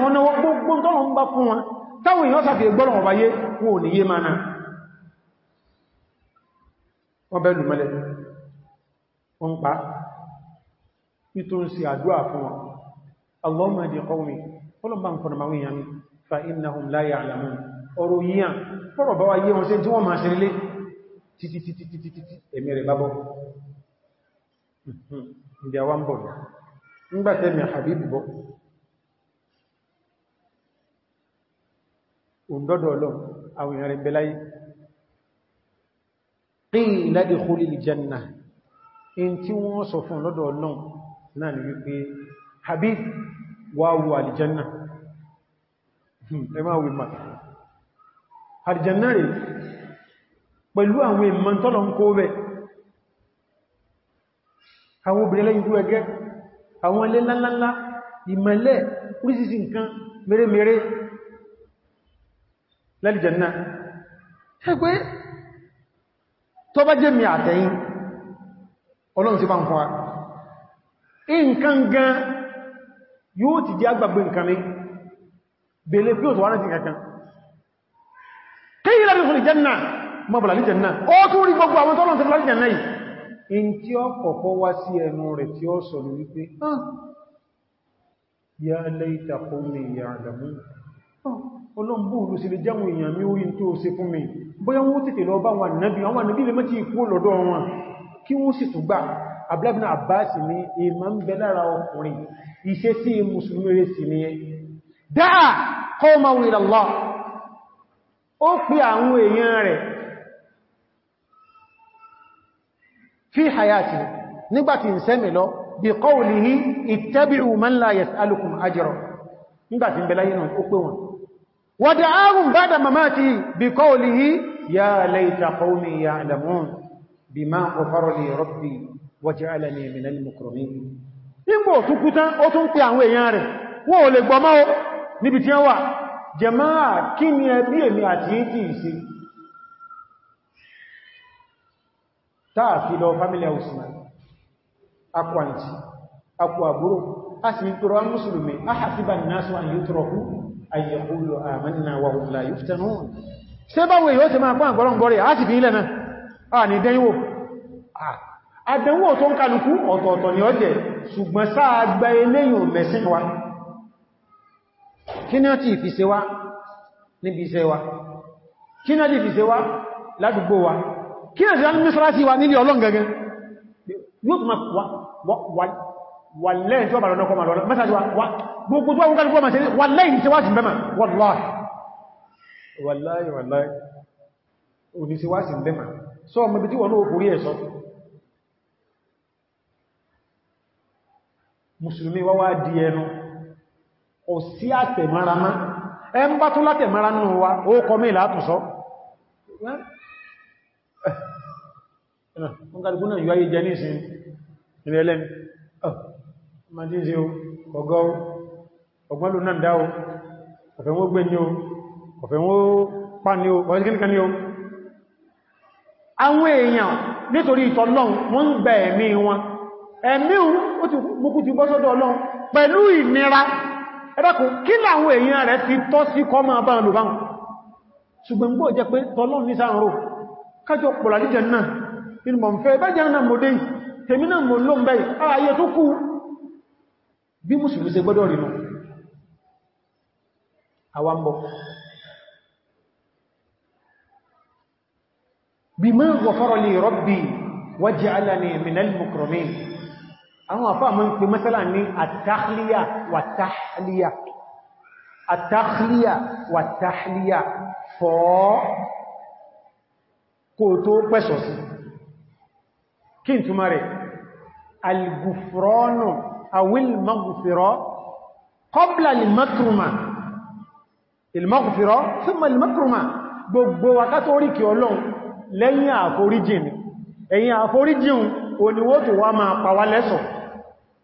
fún wọn táwọn èèyàn sàfì ní yé ń kọ̀nà máa wíyàn fa innahum la ya'lamun ọ̀rọ̀ yíyàn fọ́rọ̀ bá wá yé wọn sí tí wọ́n máa ṣe lé títítítítítítí ẹ̀mí rẹ̀ bábọ́ hmm, hmm, ìdí àwọn ń bọ̀ nígbàtẹ́mì àbíbù bọ́ òǹdọ́dọ̀ ọlọ́ àwọn èèyàn rẹ̀ bẹ̀láyé qila dukhulil jannah in tí wọ́n sọ fún lọ́dọ̀ ọlọ́ náà ni wípé habib wáwọ̀ alìjẹ́nà hmm, ẹ máa wí àrìjẹ̀nà rẹ̀ pẹ̀lú àwọn ìmọ̀ tọ́lọ ń kó rẹ̀ àwọn obìnrin lẹ́yìn irú ẹgẹ́ àwọn ilé lánlánlá ìmọ̀lẹ̀ orísìsì nǹkan mèremère lálìjẹ̀nà ẹgbẹ́ tó bá jẹ́ mi àtẹ̀yìn ọlọ́run sí bá ń fún wa nǹkan gan yóò ti jẹ́ agbàgbé nǹkan mi bèèrè pí ò tó wá náà ti kankan aljanna mọ́bàlá aljanna ó tún rí gbogbo àwọn tọ́lọ̀ tẹ́lá aljanna yìí in tí ó kọ̀kọ́ wá sí ẹnu rẹ̀ tí ó sọ ní wípé ya laita qawmi ya'lamun olóǹbùrú sí lè jẹ́mù èèyàn mi orí tó ṣe fún mi bóyá wọ́n tètè lọ bá wọn nàbí àwọn nàbí lè mẹ́tí ikú lọ́dọ̀ wọn kí wọ́n sì tún gbà abúlábìnà àbáàsì ní èèmà ń bẹ lára ọkùnrin iṣẹ́ sí mùsùlùmí rẹ̀ sí ni ẹ dáa qawman ila Allah O pè àwọn èèyàn rẹ̀ fi hayati nígbàtí ń sẹ́mì lọ bí qawlihi ittabi'u man la yas'alukum ajra nígbàtí ń bẹ láyé náà ó pè wọn wada'ahum ba'da mamatihi bí qawlihi ya layta qawmi ya'lamun bima ghafara li rabbi wa ja'alani minal mukramin nígbà òtúkútán ó tún pè àwọn èèyàn rẹ̀ wọ́n ò lè gbọmọ́ níbi tí wọ́n wà jẹmáà kí ni ẹbí èmi àti ìtì ìsí táà fi lọ family house àbúrò a sì pẹ̀rọ an mùsùlùmí a hasiba an-nasu an yutraku an yaqulu amanna wa hum la yuftanun ṣe báwọn èyí ti máa a sì fi ilẹ̀ náà a ní dẹ́yìnwó ọtọ kí náà ti fi ṣe wá níbi iṣẹ́ wa kí náà ti fi ṣe wá ládùgbò wa kí náà ti rán mísírásí wa nílé ọlọ́n gẹ́gẹ́ yóò tún wà lẹ́yìn tí ó bàrọ̀ náà kọmà lọ́lọ́ mẹ́sàájú wa gbogbo tó wọ́n kálùkù ọmọ ṣe wà lẹ́yìn tí wá sí bẹ́mà wallahi wallahi wallahi òní sí wá sí bẹ́mà sọ ọmọ ibi tí wọ́n náà kò rí ẹ̀ṣọ́ mùsùlùmí wá wá di ẹnu ò sí àtẹ̀máramá ẹ ń bá tún látẹ̀mára nínú wa ó kọ mí látùsọ́ ọgbọ́n ló náà dá o ọ̀fẹ́ wọ́n gbé ní o ọ̀fẹ́ wọ́n pà ní o ọ̀fẹ́ kíníkan ní o àwọn èèyàn nítorí ìtọ́lọ́un wọ́n ń gbẹ̀ ẹ̀mí wọn ẹ̀mí o ti gbókú ti bọ́sọ́dọ̀ ọlọ́un pẹ̀lú ìnira ẹ̀dàkùn kí làwọn èèyàn rẹ̀ fi tọ́ sí kọ́ máa bá lò báhùn ṣùgbọ́n gbọ́ jẹ́ pé tọ́lọ́ ní sáàrùn kájọ pọ̀làdíjẹ̀ náà inú mọ̀ fẹ́ bẹ́jẹ̀ náà mọ̀ dé tèmi náà mọ̀ ló ń bẹ́ ààyè tó kú bí mùsùlùmí àwọn àfáà mọ́ ń pè mẹ́sẹ́lá ní àtàhíyà wà tàhíyà àtàhíyà wà tàhíyà fọ́ kò tó pẹ́sọ̀ sí kí n túnmà rẹ̀ alìgùfrọ́nù àwíl magùfirọ́ kọ́blà lìmọ́kùrùmà ìlmọ́kùfirọ́ thumma lìmọ́kùrùmà gbogbo wakátó ẹ̀yìn àforíjìn òníwó tó wá máa pàwà lẹ́sọ̀ọ́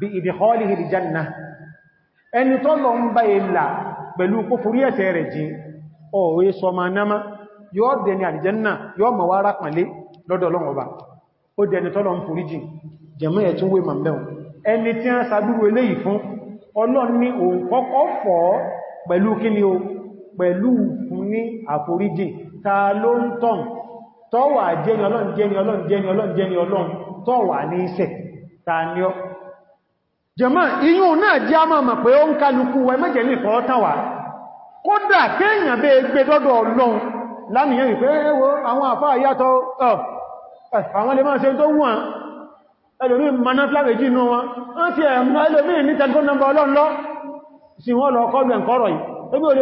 bí ìdíkọ́lìhì ìjánà ẹni tó lọ ń bá ìlà pẹ̀lú kó fúrí ẹ̀ṣẹ̀ rẹ̀ jí ọ̀rẹ́ sọmọ náà yóò dẹni àdìjánà yóò mọ̀ wára pàlé lọ́dọ̀ Ọlọ́run Ọba ó dẹni tó lọ ń fúrí jì jẹmọ́ ẹ̀ tún wé màmdẹ̀un ẹni tí a sàdúrú eléyìí fún Ọlọ́run ní òun kọ́kọ́ fọ́ pẹ̀lú kíni o pẹ̀lú Ọlọ́run jẹni Ọlọ́run Ọlọ́run tọ́wà ní iṣẹ́ ta ni ọ́ jẹmọ́ iyún náà jẹ́ a máa pé ó ń kálukú wẹ mẹ́jẹ̀ ní ìfọ́ tánwà kódà kéèyàn bẹ́ gbé dọ́dọ̀ ọlọ́run lámìyàn ìfẹ́ ẹwọ àwọn àfáà yàtọ̀ àwọn lè máa ṣe tó wọ́n ẹlòmí maná fláwẹ̀jì inú wọn wọ́n ti ẹ̀mọ́ ẹlòmí ní tẹlifóònù nọ́mbà ọlọ́run lọ sí àwọn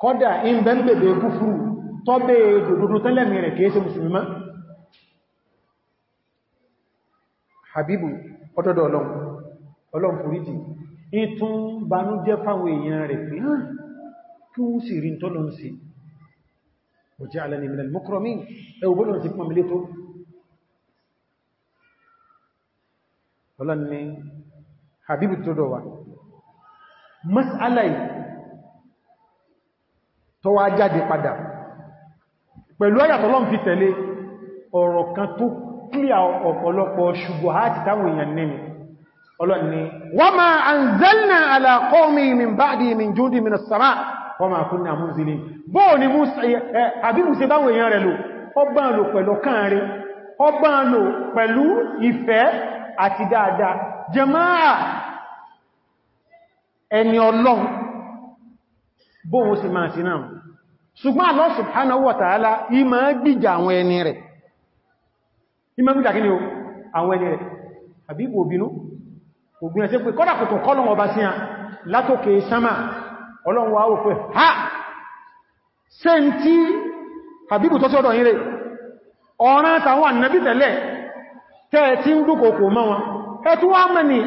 àfáà lè máa ṣe tọ́bẹ̀ dòdòdó tẹ́lẹ̀mì rẹ̀ kìí ṣe musulmi habibu ọdọ́dọ̀ ọlọ́run ọlọ́run foríjì ìtún banújẹ́ fáwọn èèyàn rẹ̀ pé hàn ah, kí wọ́n sì rí tọ́lọ ń ṣe òjẹ́ alẹ́ni minal mọ́kúrọmí ẹwọ́bọ́lọ́ ti pọ̀mílé tó ọlọ́run ni habibu jáde padà pẹ̀lú ayàtọ̀lọ́n fi tẹ̀lé ọ̀rọ̀ kan tó kílíà ọ̀pọ̀lọpọ̀ ṣùgbọ́ àti táwọn èèyàn nínú ọlọ́ni wọ́n ma anzalna ala qawmi min ba'di min jundin min as-sama wọ́n ma kunna munzilin bóò ni àbí musa báwọn èèyàn rẹ̀ lò ọba lò pẹ̀lú ṣùgbọ́n Allah subhanahu wa ta'ala ìmọ̀ gbìjà àwọn ẹni rẹ̀ ìmọ̀ gbìjà kí ni o àwọn ẹni rẹ̀ àbí òbínú òbínú ẹ̀sẹ́ pé kọ́dà kòtò kọ́lọ̀wọ̀ bá sí látòkè sánmà Ọlọ́run wá ha ṣe ń tí àbíbù tó sọ́dọ̀ yìí rẹ̀ ọ̀rán àtàwọn ànàbí tẹ̀lẹ̀ tẹ́ tí ń dúkòkò mọ́ wọn ẹ tó wá mẹ́ ni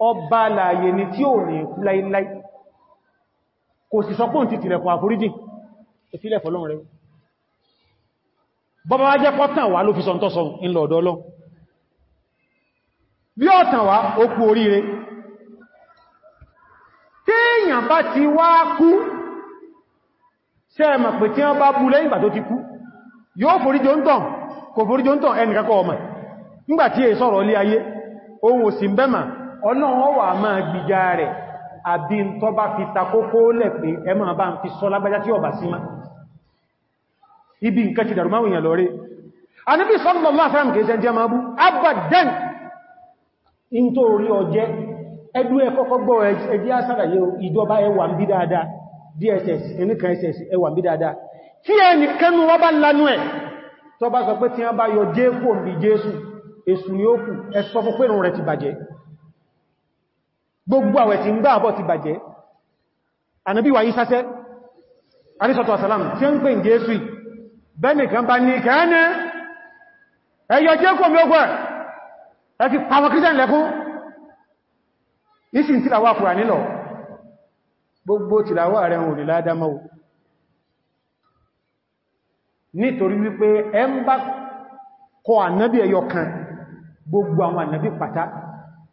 ọba láàyè ni tí ò ní láìláì kò sì sọ pọ́n ti tìlẹ̀kùn àforíjì ìfilẹ̀ fọ́lọ́n rẹ̀ bọ́bá wá jẹ́ pọ́tàn wá ló fi sọ tọ́sọ ìlọ̀ bí ọ̀tàn wá ó kú oríire téèyàn bá ti wá kú sẹ́ẹ̀mà pé tí wọ́n bá bú lẹ́yìn tó ti kú yóò foríjọ bẹ́mà ọlọ́run wà máa gbìjà rẹ̀ àbí ń tọ́ bá fi takókó lẹ̀ pé ẹ máa bá ń fi sọ lágbájá tí ọba sí máa ibi nǹkan ti dàrú máwìyàn lọ rí anábì sallallahu alaihi wasallam kìí ṣe jẹ́ máa bú abadan in tó rí ọjẹ́ ẹdú ẹ kọ́kọ́ gbọ́ ẹjí àsàràyé ìjọba ẹwà ń bí dáadáa dss ẹnìkan ss ẹwà gbogbo àwẹ̀ ti ń gbá àbọ̀ ti bàjẹ́ ànábí wà yí sáṣẹ́ àrísọ̀tọ̀ àsàlám tí ó ń pè ń jésù bẹ́nìkan bá ní kẹ́ẹ̀ẹ́nẹ́ gbogbo tìlàwà awa ò lè ládámọ́ nítorí wípé ẹ ń bá kọ ànábí ẹyọ kan gbogbo àwọn ànábí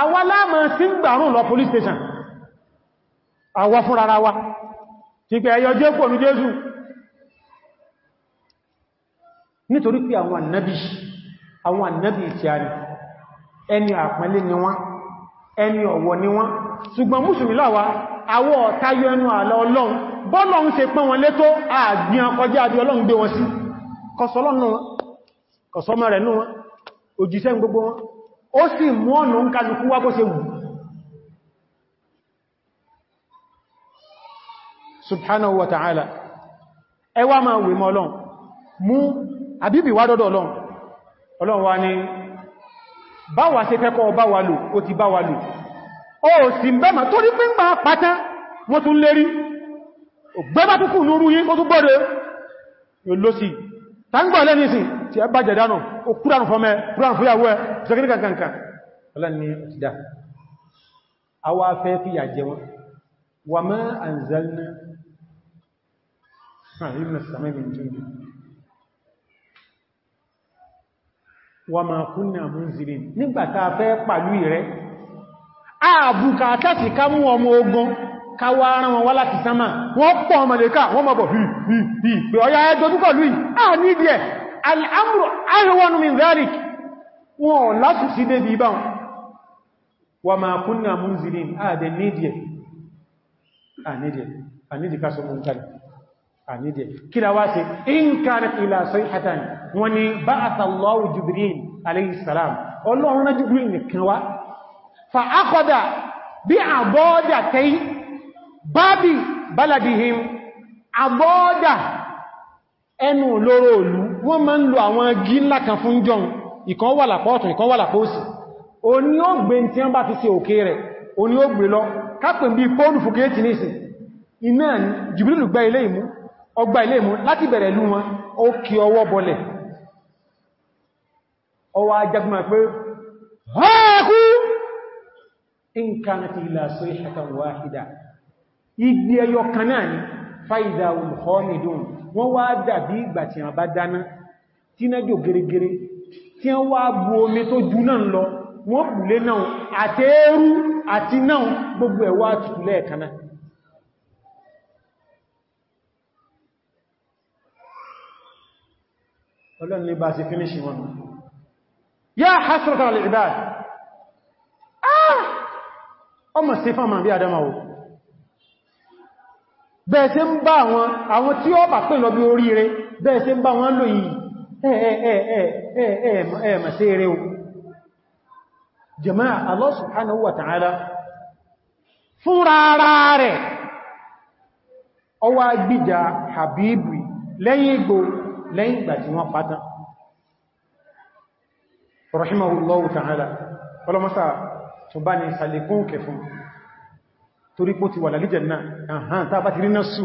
àwa láàmà sí ń gbàrún lọ police station àwa fún rárá wa ti pẹ̀ ẹyọ jẹ́ pọ̀ ní Jésù nítorí pé àwọn ànábì àwọn ànábì tí a rí ẹni àpẹẹlẹ́ ni wọ́n ẹni ọ̀wọ̀ ni wọ́n ṣùgbọ́n mùsùlùmí láwa àwọ ọ̀tayọ ẹnu àlà ọlọ́run bọ́lọ́run ṣe pẹ́ wọn létó àgbìyàn kọjá àbí ọlọ́run gbé wọn sí kọsọ́lọ́nù wọn kọsọ́mọ́ rẹ̀ nù wọn òjíṣẹ́ gbogbo wọn ó sì mú ọ̀nà ń kálukú wá bó ṣe wù subhanahu wa ta'ala ẹwà máa wè mọ́ ọlọ́n mú àbíbì wá dọ́dọ̀ ọlọ́n ọlọ́n wa ni báwa ṣe fẹ́ kọ́ bá wa lò ó ti bá wa lò ó sì bẹ́mà tó rí pín pàá pátá wọ́n tún lérí gbẹ́bá tó kù núrú tí ẹ bá jẹ̀dánù ó kúránù fọ́mẹ́ kúránù fúyàwó ẹ ṣẹ́kiri kankankan ọlọ́ni ọ̀tídá awá fẹ́ fíyà jẹ wọn wà mẹ́ àǹzẹ́lẹ́ wà máa kún ní àmúnzìlẹ̀ nígbàtà fẹ́ pàlú ìrẹ́ ààbùkà tẹ́sì ká mú ọmọ ogun káwà ara wọn wá láti sánmà wọ́n pọ̀ ọmọdé ká wọ́n mọ̀ bọ̀ hì hì hì pé ọya ẹjọ́ dúkọ̀ lùí à ní ibi ẹ̀ al'amru ahwanu min dhalik wọn láti sí débi ibá wa ma kunna munzilin a da nídìí a nídìí a nídìí kasu munkari a nídìí kila wá sí in kanat ila sayhatan wani ba'atha Allahu Jibril alayhi salam Ọlọ́run na Jibril ẹnu lóró òlú wọ́n máa ń lo àwọn gí ńlá kan fún jọun ìkan wà lápọ̀ọ̀tún ìkan wà lápọ̀ọ̀sì o ní ó gbé tí wọ́n bá fi ṣe òkè rẹ̀ o ní ó gbé lọ kápẹ̀ bí pọ́ọ̀lù fòkéètì ní ìsìn iná jùbílù gba ilé ìmú ọgbà ilé ẹyọ kan náà ni fáìdà olùkọ́ nìdún wọ́n wá dàbí ìgbà tí wọ́n bá dáná tí náà jò gẹ́gẹ́rẹ́ tí wọ́n wá bú omi tó jù náà lọ wọ́n bùlé náà àti ẹrú àti náà gbogbo ẹ̀ wá tutù lẹ́ẹ̀kaná ọlọ́run ní bá sí fíníṣì wọn yá hasrata al ibad ah! ọmọ sí fáwọn bí adamawo bẹ́ẹ̀ sí ń bá àwọn tí ó bà pín lọ bí oríire bẹ́ẹ̀ sí ń bá wọn lò ẹ̀ẹ̀mà sí eré o jama'a Allah subhanahu wa ta'ala fún rárá rẹ̀ ọwá gbíjà Habibu lẹ́yìn igbó lẹ́yìn ìgbà tí wọ́n pátá rahimahullahu ta'ala ọlọ́mọ́sá tó bá ní sàlékún kẹfún torípò ti wà lálìjẹ̀ náà àhán tàbátí rí náà sù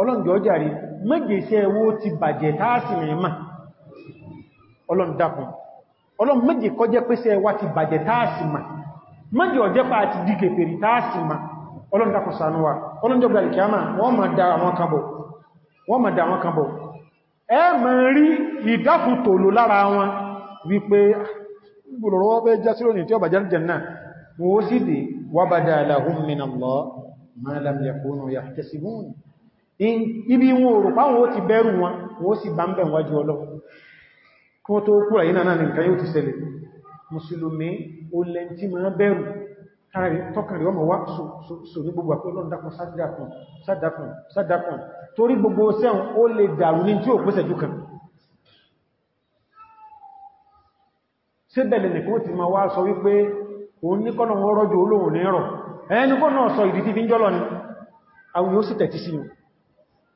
ọlọ́njọ́ jàrí mẹ́gẹ̀ẹ́sẹ́ owó ti bàjẹ̀ táàsì mẹ́mà ọlọ́ndàkùn ọlọ́n mẹ́gẹ̀ kọjẹ́ pẹ́sẹ́ wá ti bàjẹ̀ táàsì mà mẹ́gẹ̀ ọjẹ́ pa ti dìkẹ̀ pèrè táàsì mà ọlọ́ndàkùn sànúwà ọlọ́njọ́ gbàrí kíámà wọ́n ma da àwọn kan bọ̀ wọ́n ma da àwọn kan bọ̀ ẹ mọ̀ rí ìdákùn tòlò lára wọn wípé ah, ma lam yakunu yahtasibun ibi wọn òrò páwọn ó ti bẹ̀rù wọn wọ́n sì bá ń bẹ̀ wájú ọlọ́run kí wọ́n tó kúrò yínà náà nìkan o lẹ́ tí ma bẹ̀rù tọ́kàrí ọmọ wá sò ní gbogbo àpẹ́ ọlọ́run dákun sádàkùn sádàkùn sádàkùn torí gbogbo sẹ́hùn ó lè dàrú ní tí ò pèsè jù kan síbẹ̀lẹ̀ nìkan ti ma wá sọ wípé òun ní kọ́nà wọ́n rọ́jò olóhùn ní rọ̀ ẹni kọ́nà sọ ìdí tí fi ń jọ́lọ ni àwọn yóò sì tẹ̀tí sí yóò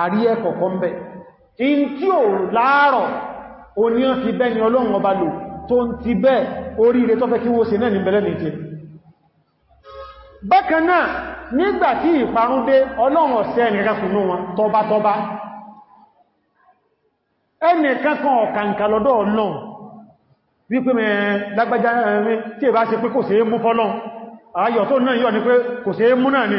àrí ẹ̀kọ̀kọ́ ń bẹ̀. in tí ò láàrọ̀ oníyàn ti bẹ́ ni ọlọ́run ọba lò tó ń ti bẹ́ oríire tó fẹ́ kí wó se náà ní bẹ̀lẹ̀ ní ti bákan náà nígbà tí ìparun dé ọlọ́run ọ̀sẹ́ ẹnìkan ni pé kò sí ni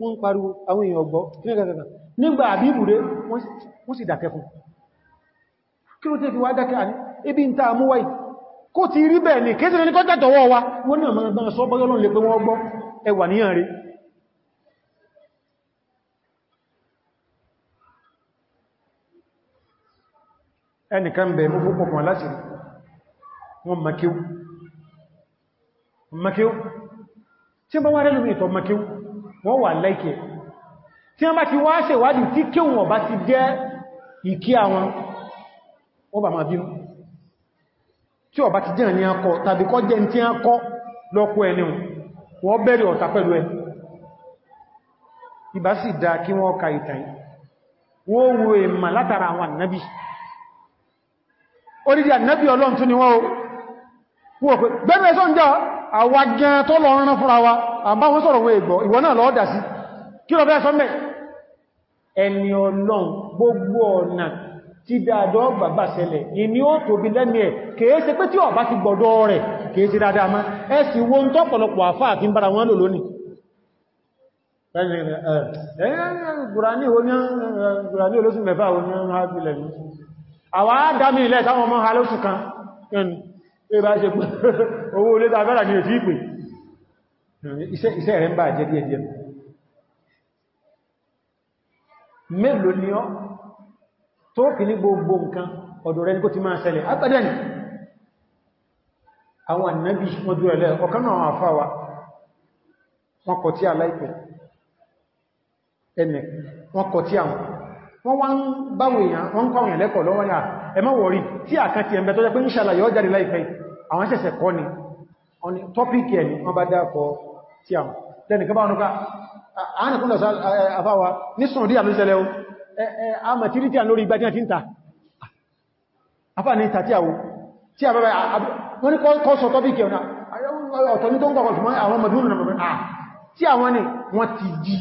wọ́n ń pariwo àwọn èèyàn ọgbọ́ kílẹ̀kẹ́kẹ́kẹ́ nígbà àbíbù rẹ̀ wọ́n sì dákẹ́ fún kí ló tẹ́ fi wá dákẹ́ àní ibi ń ta àmúwáì kó ti rí bẹ́ẹ̀ ní kéèsì ní kọ́tẹ̀ tọwọ́ wa wọ́n ní àmà gbọ́nà sọ bọ́yọ́ lónìí pé wọ́n gbọ́ ẹwà níyàn rẹ̀ ẹnìkan bẹ̀ mú wá rẹ̀ lómi ìtọ̀ makíw wọ́n wà lẹ́kẹ̀ẹ́ tí wọ́n bá ti wá ṣèwádìí tí kí wọ́n bá ti jẹ́ ìkí àwọn ọba ma máa tí bá ti jẹ́ ní akọ tàbí kọ́ jẹ́ tí a kọ́ lọ́pọ̀ ẹni wọ́n bẹ̀rẹ̀ ọ̀tá pẹ̀lú ẹ kí wọ́n àbá wọn sọ̀rọ̀ wọn ìgbọ̀ ìwọ náà lọ́ọ́dà sí kí lọ bẹ́ẹ̀ sọ́mẹ̀ ẹni ọlọ́n gbogbo ọ̀nà tí dáadọ́ bàbá sẹlẹ̀ ìní ó tóbi lẹ́ni ẹ̀ kèése pé tí ọ̀bá ti gbọ̀dọ̀ rẹ̀ kèése dáadáa má ẹ sì wo ń tọ́pọ̀lọpọ̀ àfáà fi ń bára wọn lò lónìí ẹ̀ẹ́ iṣẹ́ iṣẹ́ rẹ̀ ń bà jẹ́ díẹ̀díẹ̀ mélòó ọ́ tó kì ní gbogbo nǹkan ọ̀dọ̀ rẹ̀ ní kó ti máa ṣẹlẹ̀ agbẹ́dẹ̀ ni àwọn ànábì wọ́n dúró ẹ̀lẹ́ afọ náà wa kọ̀ tí aláìpẹ̀ ẹnẹ̀ wọ́n kọ̀ tí àwọn wọ́n wá ń wọ́n tí àwọn lẹ́nìkan bá ọ̀nùká àánà fún lọ́sá àfáwà ní sọ̀rọ̀dí àmìsẹ̀lẹ̀ o e, e, a mọ̀ tí rí tí à lórí ìgbàjá tí ń ta afá ní ìta tí àwọ tí a bẹ́bẹ̀ wọ́n ni kọ́ sọ tọ́bíkì ọ̀nà ọ̀tọ̀ ní tó ń pàpọ̀ ṣùgbọ́n àwọn mọ̀dúnrù nà mọ̀bẹ̀ tí àwọn ni wọ́n ti jí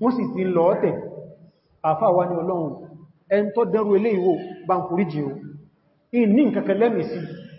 wọ́n sì ti lọ ọ̀tẹ̀ àfá wa ní ọlọ́run ẹn tó dẹrù ilé ìwò bá ń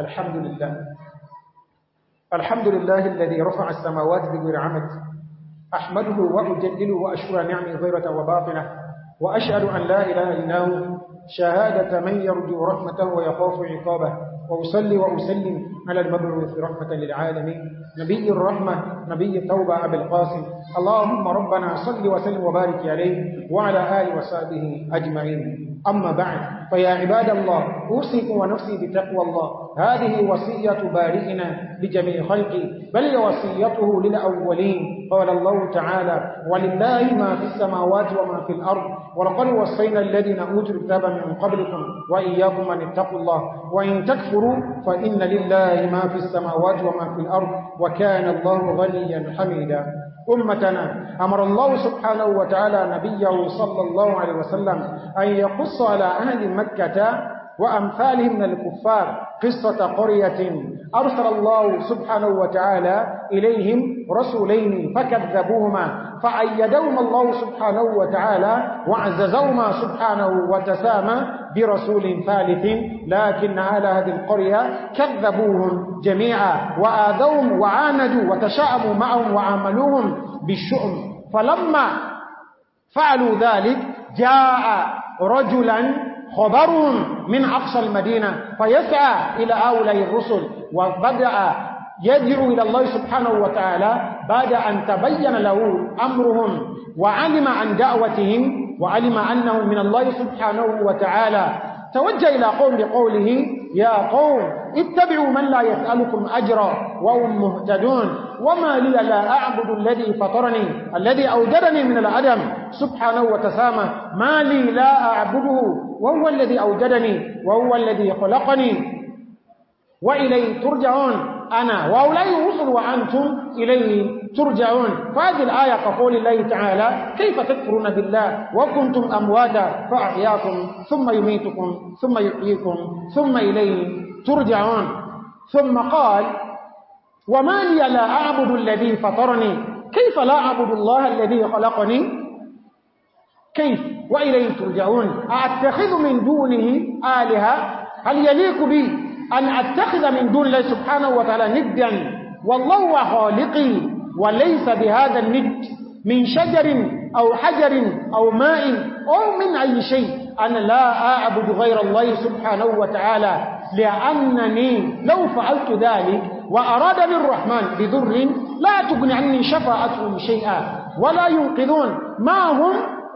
الحمد لله الحمد لله الذي رفع السماوات بغير عمد أحمده وأجلله وأشكر نعمه غيرة وباطنة وأشهد أن لا إله إلا هو شهادة من يرجو رحمته ويخاف عقابه وأصلي وأسلم على المبعوث رحمة للعالمين نبي الرحمة نبي التوبة أبي القاسم اللهم ربنا صل وسلم وبارك عليه وعلى آله وصحبه أجمعين أما بعد فيا عباد الله أوصيكم ونفسي بتقوى الله هذه وصية بارئنا لجميع خلقه بل وصيته للأولين قال الله تعالى ولله ما في السماوات وما في الأرض ولقد وصينا الذين أوتوا الكتاب من قبلكم وإياكم أن اتقوا الله وإن تكفروا فإن لله ما في السماوات وما في الأرض وكان الله غنيا حميدا أمتنا أمر الله سبحانه وتعالى نبيه صلى الله عليه وسلم أن يقص على أهل مكة وأمثالهم من الكفار قصة قرية أرسل الله سبحانه وتعالى إليهم رسولين فكذبوهما فأيدوهما الله سبحانه وتعالى وعززوهما سبحانه وتسامى برسول ثالث لكن أهل هذه القرية كذبوهم جميعا وآذوهم وعاندوا وتشاءموا معهم وعاملوهم بالشؤم فلما فعلوا ذلك جاء رجلا خبر من أقصى المدينة فيسعى إلى هؤلاء الرسل وبدأ يدعو إلى الله سبحانه وتعالى بعد أن تبين له أمرهم وعلم عن دعوتهم وعلم أنهم من الله سبحانه وتعالى توجه إلى قوم بقوله يا قوم اتبعوا من لا يسألكم أجرا وهم مهتدون وما لي لا أعبد الذي فطرني الذي أوجدني من العدم سبحانه وتسامى ما لي لا أعبده وهو الذي أوجدني وهو الذي خلقني وإليه ترجعون أنا وأولئي رسل وأنتم إليه ترجعون فهذه الآية كقول الله تعالى كيف تكفرون بالله وكنتم أمواتا فأحياكم ثم يميتكم ثم يحييكم ثم إليه ترجعون ثم قال وما لي لا أعبد الذي فطرني كيف لا أعبد الله الذي خلقني كيف وإليه ترجعون أأتخذ من دونه آلهة هل يليق بي أن أتخذ من دون الله سبحانه وتعالى ندا والله خالقي وليس بهذا الند من شجر أو حجر أو ماء أو من أي شيء أنا لا أعبد غير الله سبحانه وتعالى لأنني لو فعلت ذلك وأرادني الرحمن بذر لا تغني عني شفاعتهم شيئا ولا ينقذون ما هم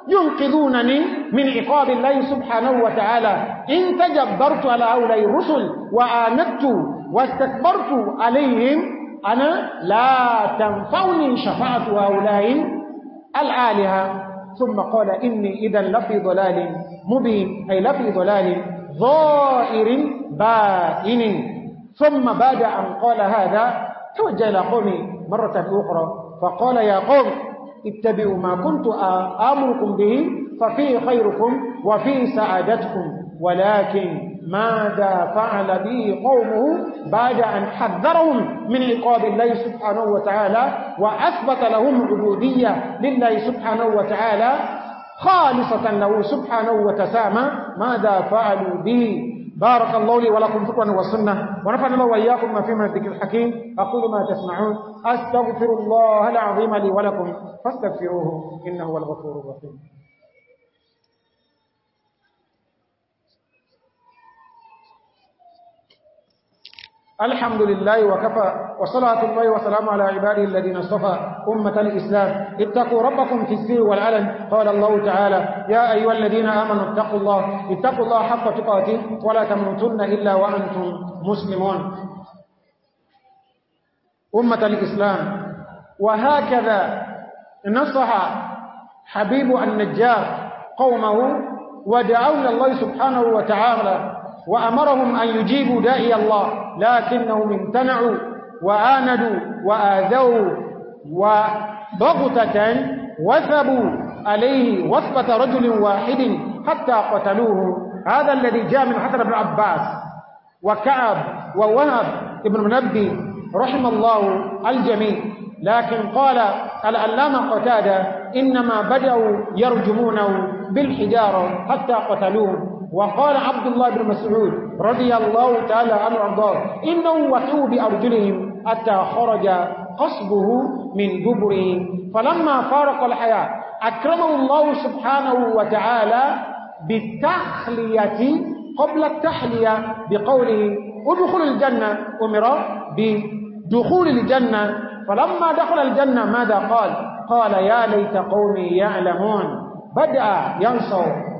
ينقذونني من عقاب الله سبحانه وتعالى إن تجبرت على هؤلاء الرسل وآمدت واستكبرت عليهم أنا لا تنفعني شفاعة هؤلاء الآلهة ثم قال إني إذا لفي ضلال مبين أي لفي ضلال ظائر بائن ثم بعد أن قال هذا توجه إلى قومي مرة أخرى فقال يا قوم اتبعوا ما كنت آمركم به ففيه خيركم وفيه سعادتكم ولكن ماذا فعل به قومه بعد أن حذرهم من عقاب الله سبحانه وتعالى وأثبت لهم عبودية لله سبحانه وتعالى خالصة له سبحانه وتسامى ماذا فعلوا به بارك الله لي ولكم فقرا وسنة ونفعنا الله وإياكم ما فيما الذكر الحكيم أقول ما تسمعون أستغفر الله العظيم لي ولكم فاستغفروه إنه هو الغفور الرحيم الحمد لله وكفى وصلاة الله وسلام على عباده الذين اصطفى أمة الإسلام اتقوا ربكم في السر والعلن قال الله تعالى يا أيها الذين آمنوا اتقوا الله اتقوا الله حق تقاته ولا تموتن إلا وأنتم مسلمون أمة الإسلام وهكذا نصح حبيب النجار قومه ودعوا الله سبحانه وتعالى وأمرهم أن يجيبوا داعي الله لكنهم امتنعوا وآندوا وآذوا وبغتة وثبوا عليه وثبة رجل واحد حتى قتلوه هذا الذي جاء من حسن بن عباس وكعب ووهب ابن منبي رحم الله الجميع لكن قال الألام قتادة إنما بدأوا يرجمونه بالحجارة حتى قتلوه وقال عبد الله بن مسعود رضي الله تعالى عنه وارضاه إنه وقعوا بأرجلهم أتى خرج قصبه من جبره فلما فارق الحياة أكرمه الله سبحانه وتعالى بالتحلية قبل التحلية بقوله ادخل الجنة أمر بدخول الجنة فلما دخل الجنة ماذا قال قال يا ليت قومي يعلمون بدأ ينصر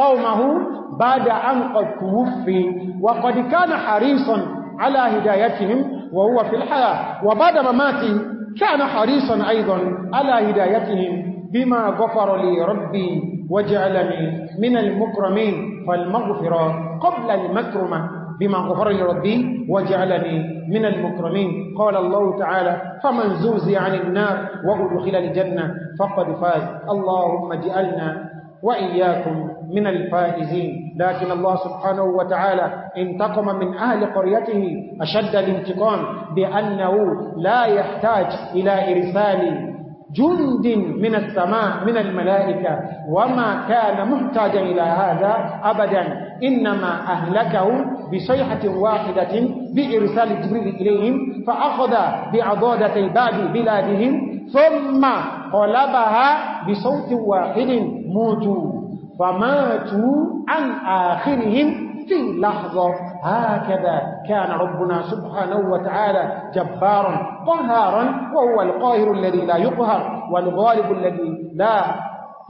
قومه بعد أن قد توفي وقد كان حريصا على هدايتهم وهو في الحياة وبعد مماته كان حريصا أيضا على هدايتهم بما غفر لي ربي وجعلني من المكرمين فالمغفرة قبل المكرمة بما غفر لي ربي وجعلني من المكرمين قال الله تعالى فمن زوزي عن النار وأدخل الجنة فقد فاز اللهم اجعلنا وإياكم من الفائزين لكن الله سبحانه وتعالى انتقم من أهل قريته أشد الانتقام بأنه لا يحتاج إلى إرسال جند من السماء من الملائكة وما كان محتاجا إلى هذا أبدا إنما أهلكه بصيحة واحدة بإرسال جبريل إليهم فأخذ بعضادة الباب بلادهم ثم قلبها بصوت واحد موتوا فماتوا عن آخرهم في لحظة هكذا كان ربنا سبحانه وتعالى جبارا قهارا وهو القاهر الذي لا يقهر والغالب الذي لا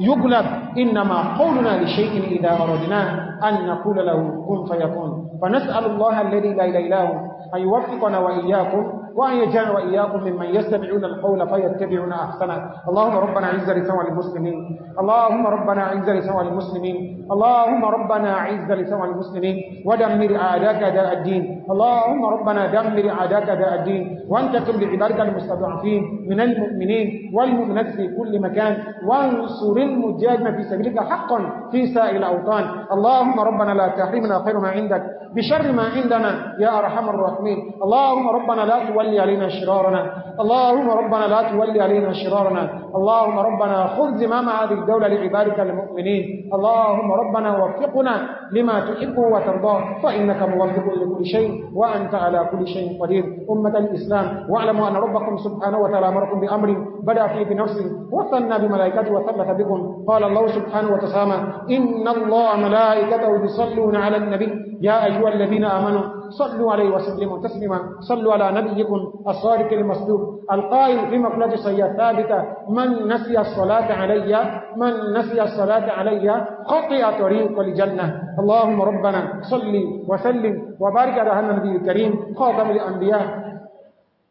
يقلب إنما قولنا لشيء إذا أردنا أن نقول له كن فيكون فنسأل الله الذي لا إله إلا هو أن يوفقنا وإياكم وأن يجعل وإياكم ممن يستمعون القول فيتبعون أحسنه اللهم ربنا عز لسوى المسلمين اللهم ربنا عز لسوى المسلمين اللهم ربنا عز لسوى المسلمين ودمر أعداءك داء الدين اللهم ربنا دمر أعداءك داء الدين وانتقم لعبادك المستضعفين من المؤمنين والمؤمنات في كل مكان وانصر المجاهدين في سبيلك حقا في سائر الأوطان اللهم ربنا لا تحرمنا خير ما عندك بشر ما عندنا يا أرحم الراحمين اللهم ربنا لا تولي علينا شرارنا اللهم ربنا لا تولي علينا شرارنا اللهم ربنا خذ زمام هذه الدولة لعبادك المؤمنين اللهم ربنا وفقنا لما تحبه وترضاه فإنك موفق لكل شيء وأنت على كل شيء قدير أمة الإسلام واعلموا أن ربكم سبحانه وتعالى أمركم بأمر بدأ فيه بنفسه وثنى بملائكته وثبت بكم قال الله سبحانه وتسامى إن الله ملائكته يصلون على النبي يا أيها الذين آمنوا صلوا عليه وسلموا تسليما صلوا على نبيكم الصادق المصدوق القائل في مقلة صياد ثابتة من نسي الصلاة علي من نسي الصلاة علي خطئ طريق لجنة اللهم ربنا صل وسلم وبارك على هذا النبي الكريم خاتم الأنبياء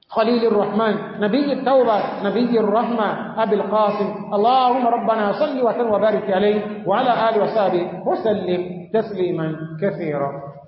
خليل الرحمن نبي التوبة نبي الرحمة أبي القاسم اللهم ربنا صل وسلم وبارك عليه وعلى آله وصحبه وسلم تسليما كثيرا